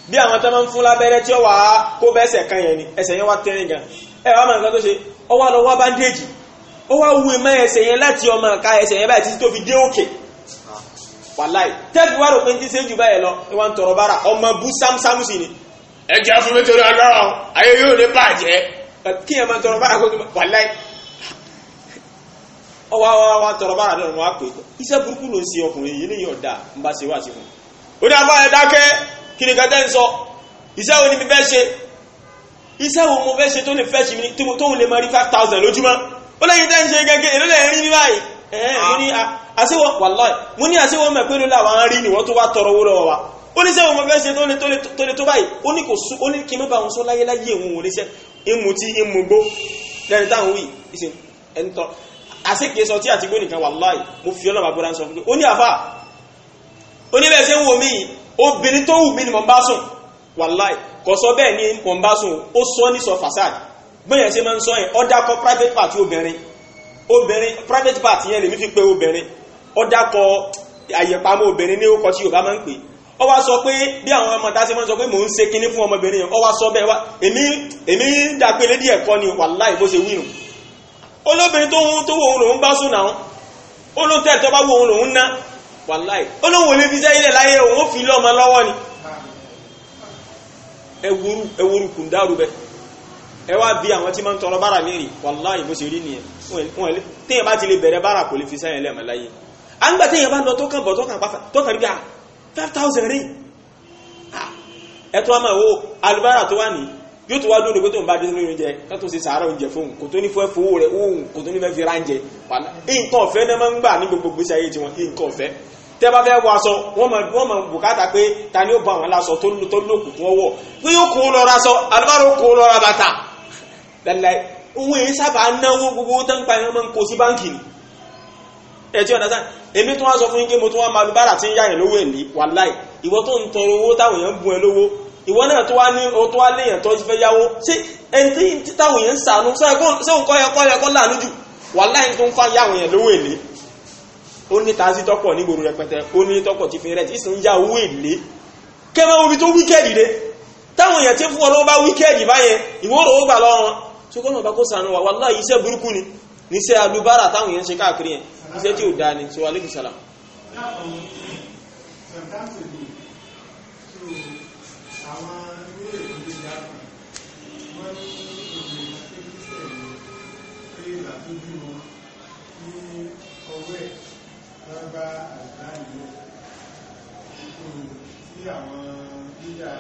bí àwọn tó máa ń fún lábẹ́rẹ́ tí ó wà kó bẹ́ ni ẹsẹ̀ yẹn wá tínrín gan ẹ wá mọ nǹkan tó ṣe ọwọ́ lọ wá báńdéèjì ó wá wú ẹmọ ẹsẹ̀ yẹn láti ọmọ wàláì tẹ́ẹ̀kì wá rò pé ń ti ṣe jù báyìí lọ ìwà ń tọrọ bára ọmọ bú sámsámú sí ni. ẹ jẹ́ fún mi torí ọlọ́run ayé yóò ní bàjẹ́. kí ẹ máa tọrọ bára kó tó wàláì ọwọ́ wa wa tọrọ bára dọ̀rọ̀ wọn á pè é iṣẹ́ burúkú ló ń ṣe ọkùnrin yìí níyàn ọ̀dà ń bá ṣe wá sí fún un. ó ní abáyẹ dákẹ́ kí ni kẹtẹ́ ń sọ iṣẹ́ wo ni mi fẹ́ ṣe iṣẹ́ wo mo fẹ́ ṣe tó lè fẹ́ ṣe mi tó lè máa rí five thousand lójúmọ́ ó lẹ́yìn tẹ́ ń ṣe gẹ́gẹ́ èló lẹ́yìn rí mi báyìí Eh, mo ní àṣíwọ́ ah, mẹ́ pé lólà wà ń rí níwọ́n tó wá tọrọ owó lọ́wọ́ wa ó ní sẹ́wọ̀n mọ́fẹ́ ṣe tó lè tó báyìí ó ní kò sú ó ní kí mẹ́bà wọn sọ láyé láyé ìwọ̀n wọn léṣẹ́ ìmú tí ìmú gbó lẹ́ni táwọn wí ìsìn ẹ̀ntọ́ àṣíkè sọ tí àti gbó nìkan wàláhì mo fi ọlọ́mà bọ́dá sọ fún ó ní àfà ó ní bẹ́ẹ̀ ṣe ń wo mí obìnrin tó wù mí ni mo bá sùn wàláhì kò sọ bẹ́ẹ̀ ni mo bá sùn ó sọ ní sọ fàṣáàdì gbọ́yẹn ṣe máa ń sọ yẹn ó dákọ private part obìnrin obìnrin private part yẹn lèmi fi pé obìnrin ó dákọ àyẹ̀pamọ́ obìnrin ní orúkọ tí yorùbá máa ń pè ọ wá sọ pé bí àwọn ọmọ tá a máa ń sọ pé mò ń ṣe kinní fún ọmọbìnrin yẹn sọ bẹ́ẹ̀ wá èmi èmi dà pé ẹ̀kọ́ ni wàláì bó ṣe wíìnù olóbìnrin tó tó wo òun lòún bá sùn náà tó bá wo òun lòún ná wàláì olóhùn olè fi sẹ́yìn lẹ̀ láyé òun ó fi lọ́wọ́ ni ẹ wá bí àwọn tí máa ń tọrọ bára mi rìn wàláì bó ṣe rí nìyẹn téèyàn bá ti lè bẹ̀rẹ̀ bára kò lè fi sẹ́yìn lẹ́ẹ̀mọ́ láyé à ń gbà téèyàn bá lọ tó kàn bọ̀ tó kàn pàfà tó kàn rí bíi ah, five thousand rìn ah, ẹ tó wá máa wo alubára tó wà ní yóò tó wá dúró pé tó ń bá dúró lórí oúnjẹ tó tó ṣe sàárà oúnjẹ fóun kò tó ní fẹ́ fowó rẹ̀ òun kò tó ní fẹ́ fi ránjẹ wàlá nǹkan ọ̀fẹ́ náà máa ń gbà ní gbogbo gbèsè ayé tiwọn nǹkan ọ̀fẹ́ tẹ́ bá fẹ́ wọ aṣọ wọ́n máa bùkátà pé ta ni ó bá wọn láṣọ tó lókùn wọ́n wọ̀ pé yóò kó lọ́ra aṣọ alubára ó kó lọ́ra bàtà láìláì owó èyí sábà náwó gbogbo tó ń pa ẹran mọ́ ń kó sí báńkì ni ẹ̀tí ọ̀dá sáà èmi tó wá sọ fún yín pé mo tó wá máa lu bára tí ń yáyàn lówó èlé wàláì ìwọ tó ń tọrọ owó táwọn èèyàn ń bu ẹ lówó ìwọ náà tó wá ní o tó wá léèyàn tó fẹ́ yáwó ṣé ẹni tí táwọn èèyàn ń sànú ṣé òun kọ́ yẹ kọ́ yẹ kọ́ láàánú jù wàláì tó ń fa yáwọn èèyàn lówó èlé ó ní tàásí tọ́pọ̀ ní gbòòrò rẹpẹtẹ ó ní tọ́pọ̀ ti fi rẹ̀tì ìsìn yá owó èlé kẹ́mẹ́ omi tó wíkẹ́ẹ̀dì dé táwọn èèyàn ti fún ọ lọ́wọ́ bá wíkẹ́ẹ̀dì báyẹn ìwọ́rọ̀ ó gbà lọ́rùn so kọ́nà bá kó sànú wa wallahi iṣẹ́ burúkú ni níṣẹ́ alubára táwọn yẹn ń ṣe káàkiri yẹn iṣẹ́ tí ò dáa ni so alaikum salam Àwọn ìyá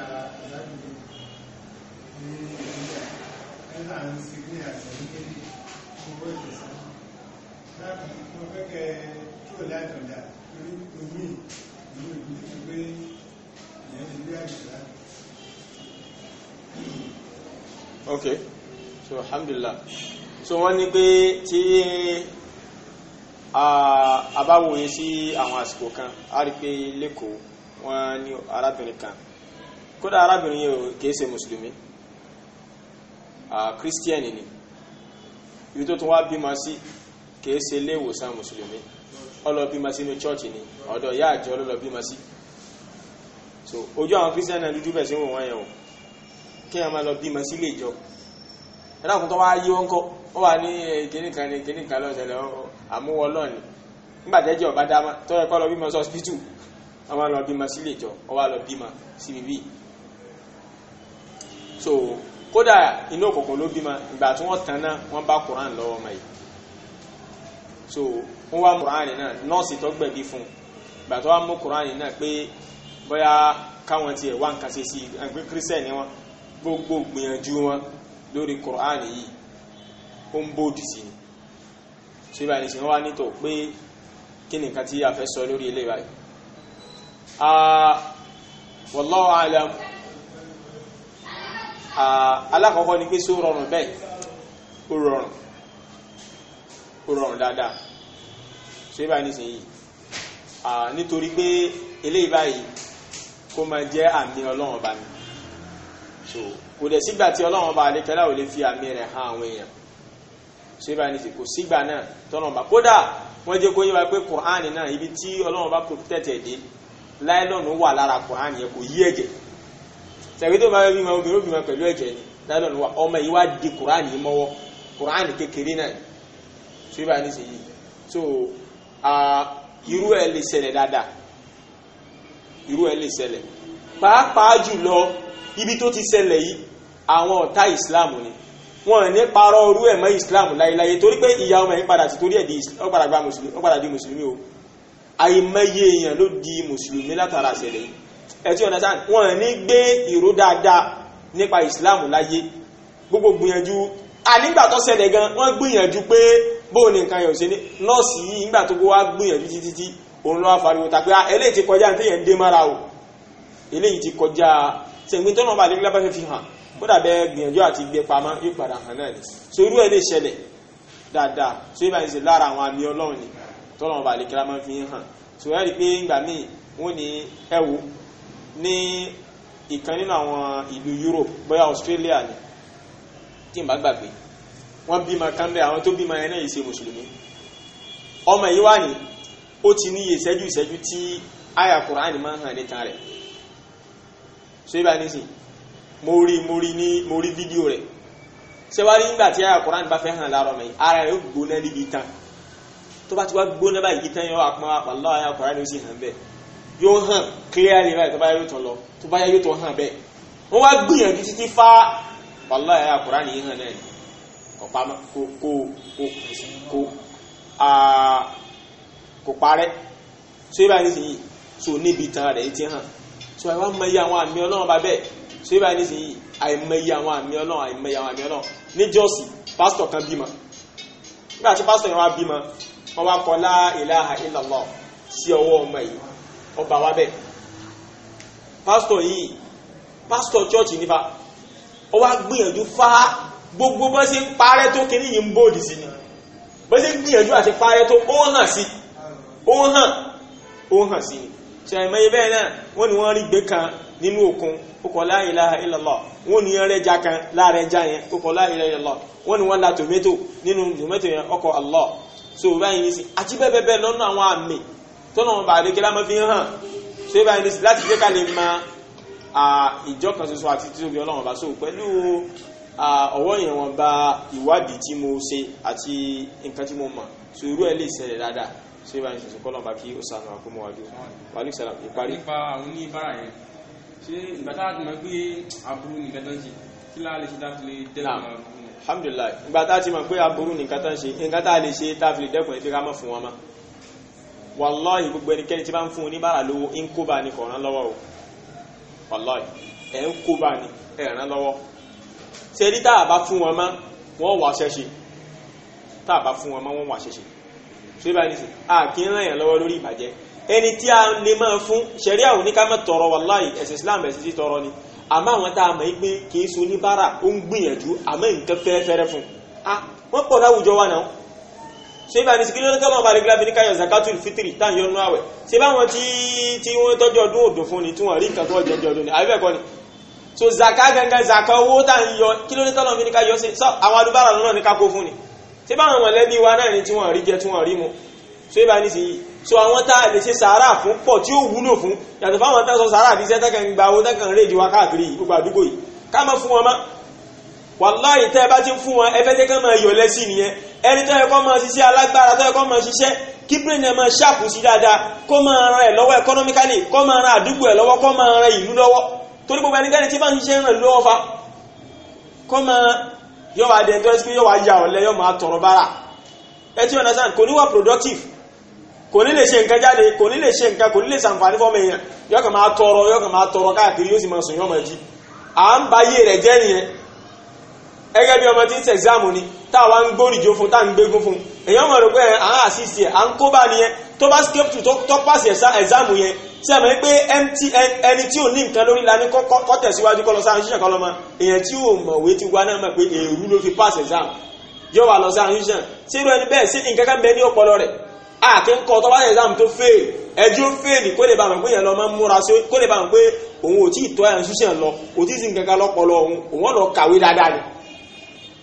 nígbà ń sin ní àtẹ̀yìn kéde owó ìtẹ̀sán láti mo kẹ́kẹ́ kúrò látọ̀dà torí omi ìlú ìlú ti alhamdulillah so wọ́n ní pé tí a bá wòye sí àwọn àsìkò kan a rí pé lẹ́kọ̀ọ́ wọ́n ní arábìnrin kan kódà arábìnrin yìí kìí ṣe mùsùlùmí kírísítíẹ̀nì ni ibi tó tún wá bímọ sí kìí ṣe ilé ìwòsàn mùsùlùmí ọlọ bímọ sínú chọ́ọ̀chì ni ọ̀dọ̀ ìyá àjọ ló lọ bímọ sí so ojú àwọn kírísítíẹ̀nì náà dúdú bẹ̀ sí wọn yẹn o kí wọn máa lọ bímọ sí ilé ìjọ ẹ̀dàkùn tó wá yí wọn kọ́ ó wà ní eh, kìnnìkan ní kìnnìkan lọ́sẹ̀lẹ̀ àmúwọ́ lọ́ọ̀ni nígbàtẹ́jẹ́ ọ̀bá dáma tó yẹ kó lọ bímọ sí ọ̀sìpítù ọmọ lọ bímọ sílé ìjọ ọwá lọ bímọ sí bíbí so kódà inú òkòkò ló bímọ ìgbà tí wọ́n tanná won bá Quran lọ́wọ́ ọmọ yìí so wọ́n wá Quran náà nọ́ọ̀sì tó gbẹ̀bí fún ìgbà tó wá mú Quran náà pé bóyá káwọn tiẹ̀ wá nǹkan ṣe sí àgbẹ̀ kírísẹ̀ ni won gbogbo gbìyànjú wọn lórí Quran yìí ó ń bòdì sí ni ṣé báyìí ní sìn wọ́n wá nítò pé kí ni nǹkan tí a sọ lórí báyìí ah, alákọ̀ọ́kọ́ ni pé sí ó rọrùn bẹ́ẹ̀ ó rọrùn ó rọrùn dáadáa ṣe bá ní nítorí pé eléyìí báyìí kó máa jẹ́ àmì ọlọ́run ọba mi so kò dẹ̀ sígbà tí ọlọ́run ọba àlékẹ́lá ò lè fi àmì rẹ̀ hàn àwọn èèyàn ṣe bá ní sìn kò sígbà náà tọ́nà ọba kódà wọ́n jẹ́ kó yé wa pé Kùránì náà ibi tí ọlọ́run ọba protect ẹ̀ dé láìlọ́nù wà lára Kùránì yẹn kò yí ẹ̀jẹ̀ sẹ̀wé tó bá bímọ obìnrin obìnrin pẹ̀lú ẹ̀jẹ̀ ni ládùn wa ọmọ yìí wá di kùránì mọ́wọ́ kùránì kékeré náà tó bá ní sèyí so irú ẹ̀ lè ṣẹlẹ̀ dáadáa irú ẹ̀ lè ṣẹlẹ̀ pàápàá jùlọ ibi tó ti ṣẹlẹ̀ yìí àwọn ọ̀tá ìsìláàmù ni wọn ní parọ́ orú ẹ̀ mọ́ ìsìláàmù láyéláyé torí pé ìyá ọmọ yìí padà sí torí ẹ̀ di ọ̀padà di mùsùlùmí o àìmọye èèyàn ló di mùsùlùmí látara ṣẹlẹ̀ yìí ẹtí ọ̀nà sáà wọ́n ní gbé ìró dáadáa nípa ìsìláàmù láyé gbogbo gbìyànjú ànígbà tó ṣẹlẹ̀ gan wọ́n gbìyànjú pé bóun ní nǹkan yẹn ò ṣe ní nọ́ọ̀sì yìí nígbà tó wá gbìyànjú títí tí òun lọ́wọ́ fariwo tàbí ah, eléyìí ti kọjá ní tẹ̀yẹ̀ ń dé mára o eléyìí ti kọjá sẹ̀gbìn tó náà bá lébi lábẹ́ fi hàn kó dàbẹ́ gbìyànjú àti gbé pamọ́ yóò padà hàn náà ni so irú ẹ̀ lè ṣẹlẹ̀ dáadáa so ibà ń ṣe lára àwọn àmì ọlọ́run ni tọ́lọ́wọ́n bá lébi lábẹ́ fi hàn so ẹ̀ rí pé ńgbà míì wọ́n ní ẹ̀wò ní ìkan nínú àwọn ìlú Europe bóyá Australia ni tí n bá gbàgbé wọ́n bímọ kan bẹ́ẹ̀ àwọn tó bímọ yẹn náà yìí ṣe mùsùlùmí ọmọ yìí wà ní ó ti níye ìṣẹ́jú ìṣẹ́jú tí àyà Kùránì máa ń hàn níta rẹ̀ ṣé ibà nísìn mo rí mo rí ní mo rí fídíò rẹ̀ ṣé wàá rí nígbà tí àyà Kùránì bá fẹ́ hàn láàárọ̀ mẹ́yìn ara rẹ̀ ó gbóná níbi tán tó bá ti wá gbóná báyìí tán yọ àpọn àpàlọ́ àyà Kùránì ó sì hàn bẹ́ẹ̀ yóò hàn clearly báyìí tó bá yóò tán lọ tó bá yóò tán hàn bẹ́ẹ̀ wọ́n wá gbìyànjú títí fá wàlá ẹ̀ àkùrá nìyí hàn náà kò pamọ́ kò kò kò kò parẹ́ so yóò bá ní sìn yìí so níbi ìtàn rẹ̀ ti hàn so ẹ̀ wá mọ iye àwọn àmì ọlọ́run bá bẹ́ẹ̀ so yóò bá ní sìn yìí àìmọye àwọn àmì ọlọ́run àìmọye àwọn àmì ọlọ́run níjọ́sì pásítọ̀ kan bímọ nígbà tí pásítọ̀ yẹn wá bímọ wọ́n wá kọ lá ilaha illallah sí ọwọ́ ọmọ yìí ọba wa bẹ́ẹ̀ yi, yìí pásítọ̀ chọ́ọ̀chì nípa ó wá gbìyànjú gbogbo bọ́ sí parẹ́ tó kiri yìí ń bòdì sí ni bọ́ gbìyànjú àti tó ó hàn sí ó hàn ó hàn sí ni náà rí gbé kan nínú òkun kókò la ilaha illallah wọ́n ní ẹrẹ́jà kan láàrẹ́ já yẹn kókò la nínú so báyìí ní àti tọ́lọ́wọ́n bá àdékẹ́ lámọ́ fi hàn ṣé báyìí ní láti jẹ́ ká lè ma ìjọ kan ṣoṣo àti títóbi ọlọ́wọ́n bá so pẹ̀lú ọwọ́ yẹn wọn bá ìwádìí tí mo ṣe àti nǹkan tí mo mọ̀ so irú ẹ̀ lè ṣẹlẹ̀ dáadáa ṣé báyìí ṣoṣo kọ́lọ́wọ́n bá kí ó sànù àkómọ́ wájú wàlúù sàlám ìparí. nípa àwọn oníbàárà yẹn ṣé ìgbà tá a ti mọ̀ pé aburú nìkan tán ṣe kí láà lè ṣe dáàbò lè dẹ́kun alhamdulilayi ìgbà tá a ti mọ̀ pé aburú nìkan tán ṣe nǹkan tá a lè ṣe tá a fi lè dẹ́kun ẹ̀ fún wọn mọ́ wàláì gbogbo ẹnikẹ́ni tí bá ń fún oníbàárà lówó ń kó bá ní kọ̀ọ̀rán lọ́wọ́ o wàláì ẹ̀ ń kó bá ní ẹ̀ràn lọ́wọ́ ṣe rí tá a bá fún wọn mọ́ wọ́n wà ṣẹ́ṣe tá a bá fún wọn mọ́ wọ́n wà ṣẹ́ṣe ṣé báyìí nìsín a kì í ràn yàn lọ́wọ́ lórí ìbàjẹ́ ẹni tí a lè máa fún ṣẹ̀rí àwọn oníkámẹ́ tọrọ wàláì ẹ̀sìn Islam ẹ̀sìn ti tọrọ ni àmọ́ àwọn tá a mọ̀ pé kì í sun oníbàárà ó ń gbìyànjú àmọ́ nǹkan fẹ́rẹ́fẹ́rẹ́ fún un ah wọ́n pọ̀ láwùjọ wa náà ṣe bá ní sí kí ló tọ́lọ́ bá lè gíláfi ní káyọ̀ zakatul fitri tá à ń yọ nínú àwẹ̀ ṣe bá wọn tí tí ni tí wọ́n rí nǹkan tó jẹ́ ọdún ni àbíbẹ̀ kọ́ ni so zaka gangan zaka owó tá à kilo ni kí ló tọ́lọ́ mi ní káyọ̀ sí sọ ni adúbára lọ́nà ní kákó fún ni ṣe bá wọn mọ̀lẹ́bí wa náà ni tí wọ́n rí jẹ tí wọ́n rí mu ṣe bá ní sí so àwọn tá a lè ṣe sàárà fún pọ̀ tí ó wúlò fún yàtọ̀ fáwọn tá a sọ sàárà àti iṣẹ́ tẹ́kàn gba owó tẹ́kàn rèéjì wa káàkiri gbogbo àdúgbò yìí ká má fún wọn má wàláhì tẹ́ ẹ bá ti fún wọn ẹ fẹ́ tẹ́kàn máa yọ̀ lẹ́sìn nìyẹn ẹni tó yẹ kó máa ṣiṣẹ́ alágbára tó yẹ kó máa ṣiṣẹ́ kí brain ẹ̀ máa ṣàpù sí dáadáa kó máa ran ẹ̀ lọ́wọ́ economically kó máa ran àdúgbò ẹ̀ lọ́wọ́ kó máa ran ìlú lọ́wọ́ torí gbogbo ẹnikẹ́ni tí bá ń ṣiṣẹ́ ràn lọ́wọ́ fa kó máa yọ wá yọ wá ya yọ máa tọrọ bára ẹ ti understand kò ní wà productive kò ní lè ṣe nǹkan jáde kò ní lè ṣe nǹkan kò yọ kàn tọrọ yọ kàn tọrọ káàkiri yóò sì máa sùn máa jí táwa ń gbóríjó fún tá ń gbégún fún èyàn mọ̀ rò pé àwọn ah, àṣìṣe ah, à ń kó bá nìyẹn tó bá skip to tó pàṣẹ ẹ̀sáàmù yẹn tí a mọ̀ pé ẹni tí ò ní nǹkan lórí la ní kọ́ tẹ̀síwájú kọ́ lọ sáà ń ṣiṣẹ́ kọ́ lọ́mọ èyàn tí ò mọ̀wé ti wá náà mọ̀ pé èrú ló fi pàṣẹ ẹ̀sáàmù yóò wà lọ sáà ń ṣiṣẹ́ tí irú ẹni bẹ́ẹ̀ sí nǹkan kan bẹ ní ọpọlọ rẹ̀ àti ń kọ́ tó bá ẹ̀sáàmù tó fail ẹjọ́ fail kó lè bá mọ̀ pé yẹn lọ máa ń múra sí kó lè bá mọ̀ pé òun ò tí ì tọ́ ẹ̀ ń ṣiṣẹ́ lọ òtí sì ń kankan lọ́pọlọ òun òun lọ kàwé dáadáa ni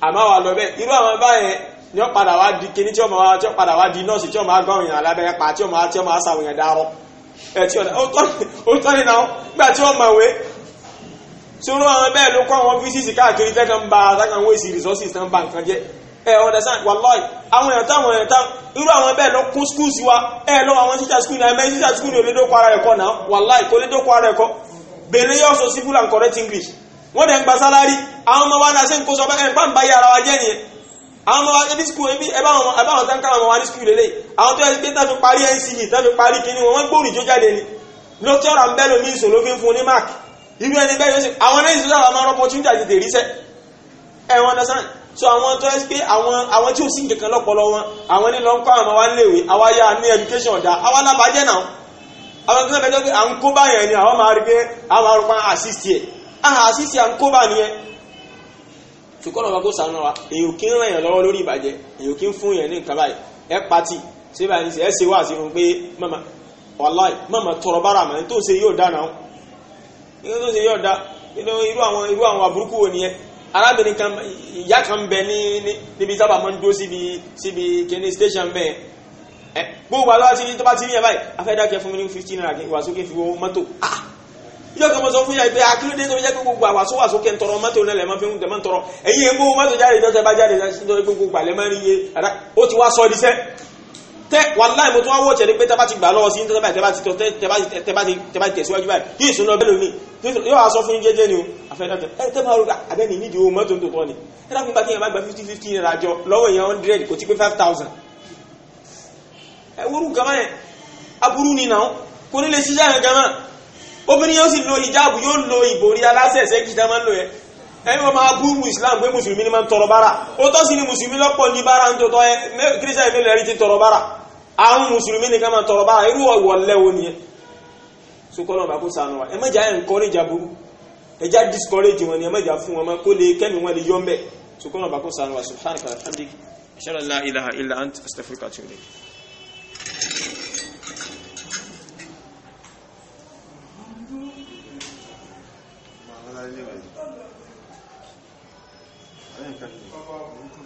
àmọ́ wà lọ bẹ́ẹ̀ irú àwọn báyẹn ni ó padà wá di kíní tí ó máa tí padà wá di nọ́ọ̀sì tí ó máa gbọ́n èèyàn alábẹ́rẹ́ pa tí ó máa tí ó máa sàwọn èèyàn dárọ́ ẹ̀ tí ó tọ́ ní náà gbà tí ó mọ̀ wé sọ̀rọ̀ àwọn bẹ́ẹ̀ ló kọ́ àwọn físíìsì káàkiri tẹ́kàn ba àtàkàn wọ́n èsì resources tán ba nǹkan jẹ́ ẹ àwọn èèyàn táwọn èèyàn irú àwọn bẹ́ẹ̀ kún wa ẹ lọ àwọn teacher school wọ́n dẹ̀ ń gba sálárì àwọn ọmọ wa náà ṣe ń kó sọ bẹ́ẹ̀ nípa ń bá yí ara wa jẹ́ nìyẹn àwọn ọmọ wa ẹbí skul ẹbí ẹbá àwọn ẹbá àwọn táǹkà àwọn wa ní skul lélẹ̀ àwọn tó yẹ pé tá fi parí NCE tá fi parí kíní wọn wọ́n gbóòrì jó jáde ni dókítà àmbẹ́lò mi ìṣòro fi ń fún ní mark irú ẹni bẹ́ẹ̀ yóò ṣe àwọn náà ìṣòro àwọn ọmọ opportunity àti tèrí sẹ́ ẹ wọn understand so àwọn tó yẹ pé àwọn àwọn tí ò sí nǹkan lọ́pọlọ wọn àwọn nílọ ń kọ́ àwọn wa léwe àwa yá ní education ọ̀dà àwa lábàájẹ́ náà àwọn kan bẹ́ẹ̀ tó pé à ń kó báyẹn ni àwọn máa rí pé àwọn arúgbó assist yẹn Ah, àhàsísì àǹkóbà nìyẹn ṣùkọ́nà ọba kó sànú wa èyàn kí ń ràn yàn lọ́wọ́ lórí ìbàjẹ́ èyàn kí ń fún yàn ní nǹkan báyìí ẹ pati ṣé báyìí ṣe ẹ ṣe wá sí fún pé mama wàláì mama tọrọ bára àmọ́ tó ṣe yóò dá náà nígbà tó ṣe yóò dá irú àwọn irú àwọn aburúkú wo nìyẹn arábìnrin kan ìyá kan bẹ ní níbi sábà máa ń dúró síbi síbi kìnní station bẹ́ẹ̀ ẹ gbogbo àlọ́ àti tó bá ti rí yẹn báyìí afẹ́dákẹ́ fún mi ní fifteen naira wàásù kí n fi wo mọ́tò ah yóò kàn mọ́ sọ fún yà pé akílódé tó jẹ́ pé gbogbo àwàsó wàsó kẹ́ ń tọrọ mọ́tò náà lẹ́mọ́ fi ń tẹ̀mọ́ ń tọrọ ẹ̀yin egbò mọ́tò jáde tó tẹ́bá jáde tó gbogbo gbàlẹ́ máa ń yé ara ó ti wá sọ ọ́ diṣẹ́ tẹ́ wàláì mo tún wá wò tẹ̀lé pé tẹ́bá ti gbà lọ́wọ́ sí tẹ́bá tẹ́bá ti tẹ̀síwájú báyìí yìí sùn lọ bẹ́ẹ̀ lómi yóò wá sọ fún jẹ́jẹ́ ni o àfẹ́dọ́tẹ̀ ẹ tẹ́ máa rúgbà ah, abẹ́ni nídìí owó mọ́tò tó tọ́ ni ẹ dákun bá kéèyàn bá gba fifty fifty naira jọ lọ́wọ́ èèyàn hundred kò ti pé five thousand ẹ wúrú gama yẹn aburú ni náà kò ní lè ṣiṣẹ́ yẹn gama obìnrin yóò sì lo ìjáàbù yóò lo ìbòrí aláṣẹ̀ṣẹ́ kìí dáná lò yẹ ẹni wọn máa bú islam pé mùsùlùmí ni máa ń tọrọ bára ó tọ́ sí ni mùsùlùmí lọ́pọ̀ ní bára ń tọ́tọ́ ẹ kírísítà ìfẹ́ lẹ́rí ti tọrọ bára àwọn mùsùlùmí nìkan máa tọrọ bára irú ọ̀wọ̀ lẹ́wọ̀ nìyẹn sukọ́nà ọba kó sànù wa ẹ mẹ́jà ẹ̀ encourage aburú ẹjá discourage wọn ni ẹ mẹ́jà fún wọn kó lè kẹ́mi wọn lè yọ mbẹ́ sukọ́nà ọba kó sànù wa subhanaka anta astaghfiruka wa atubu Аллилуйя. Аминь.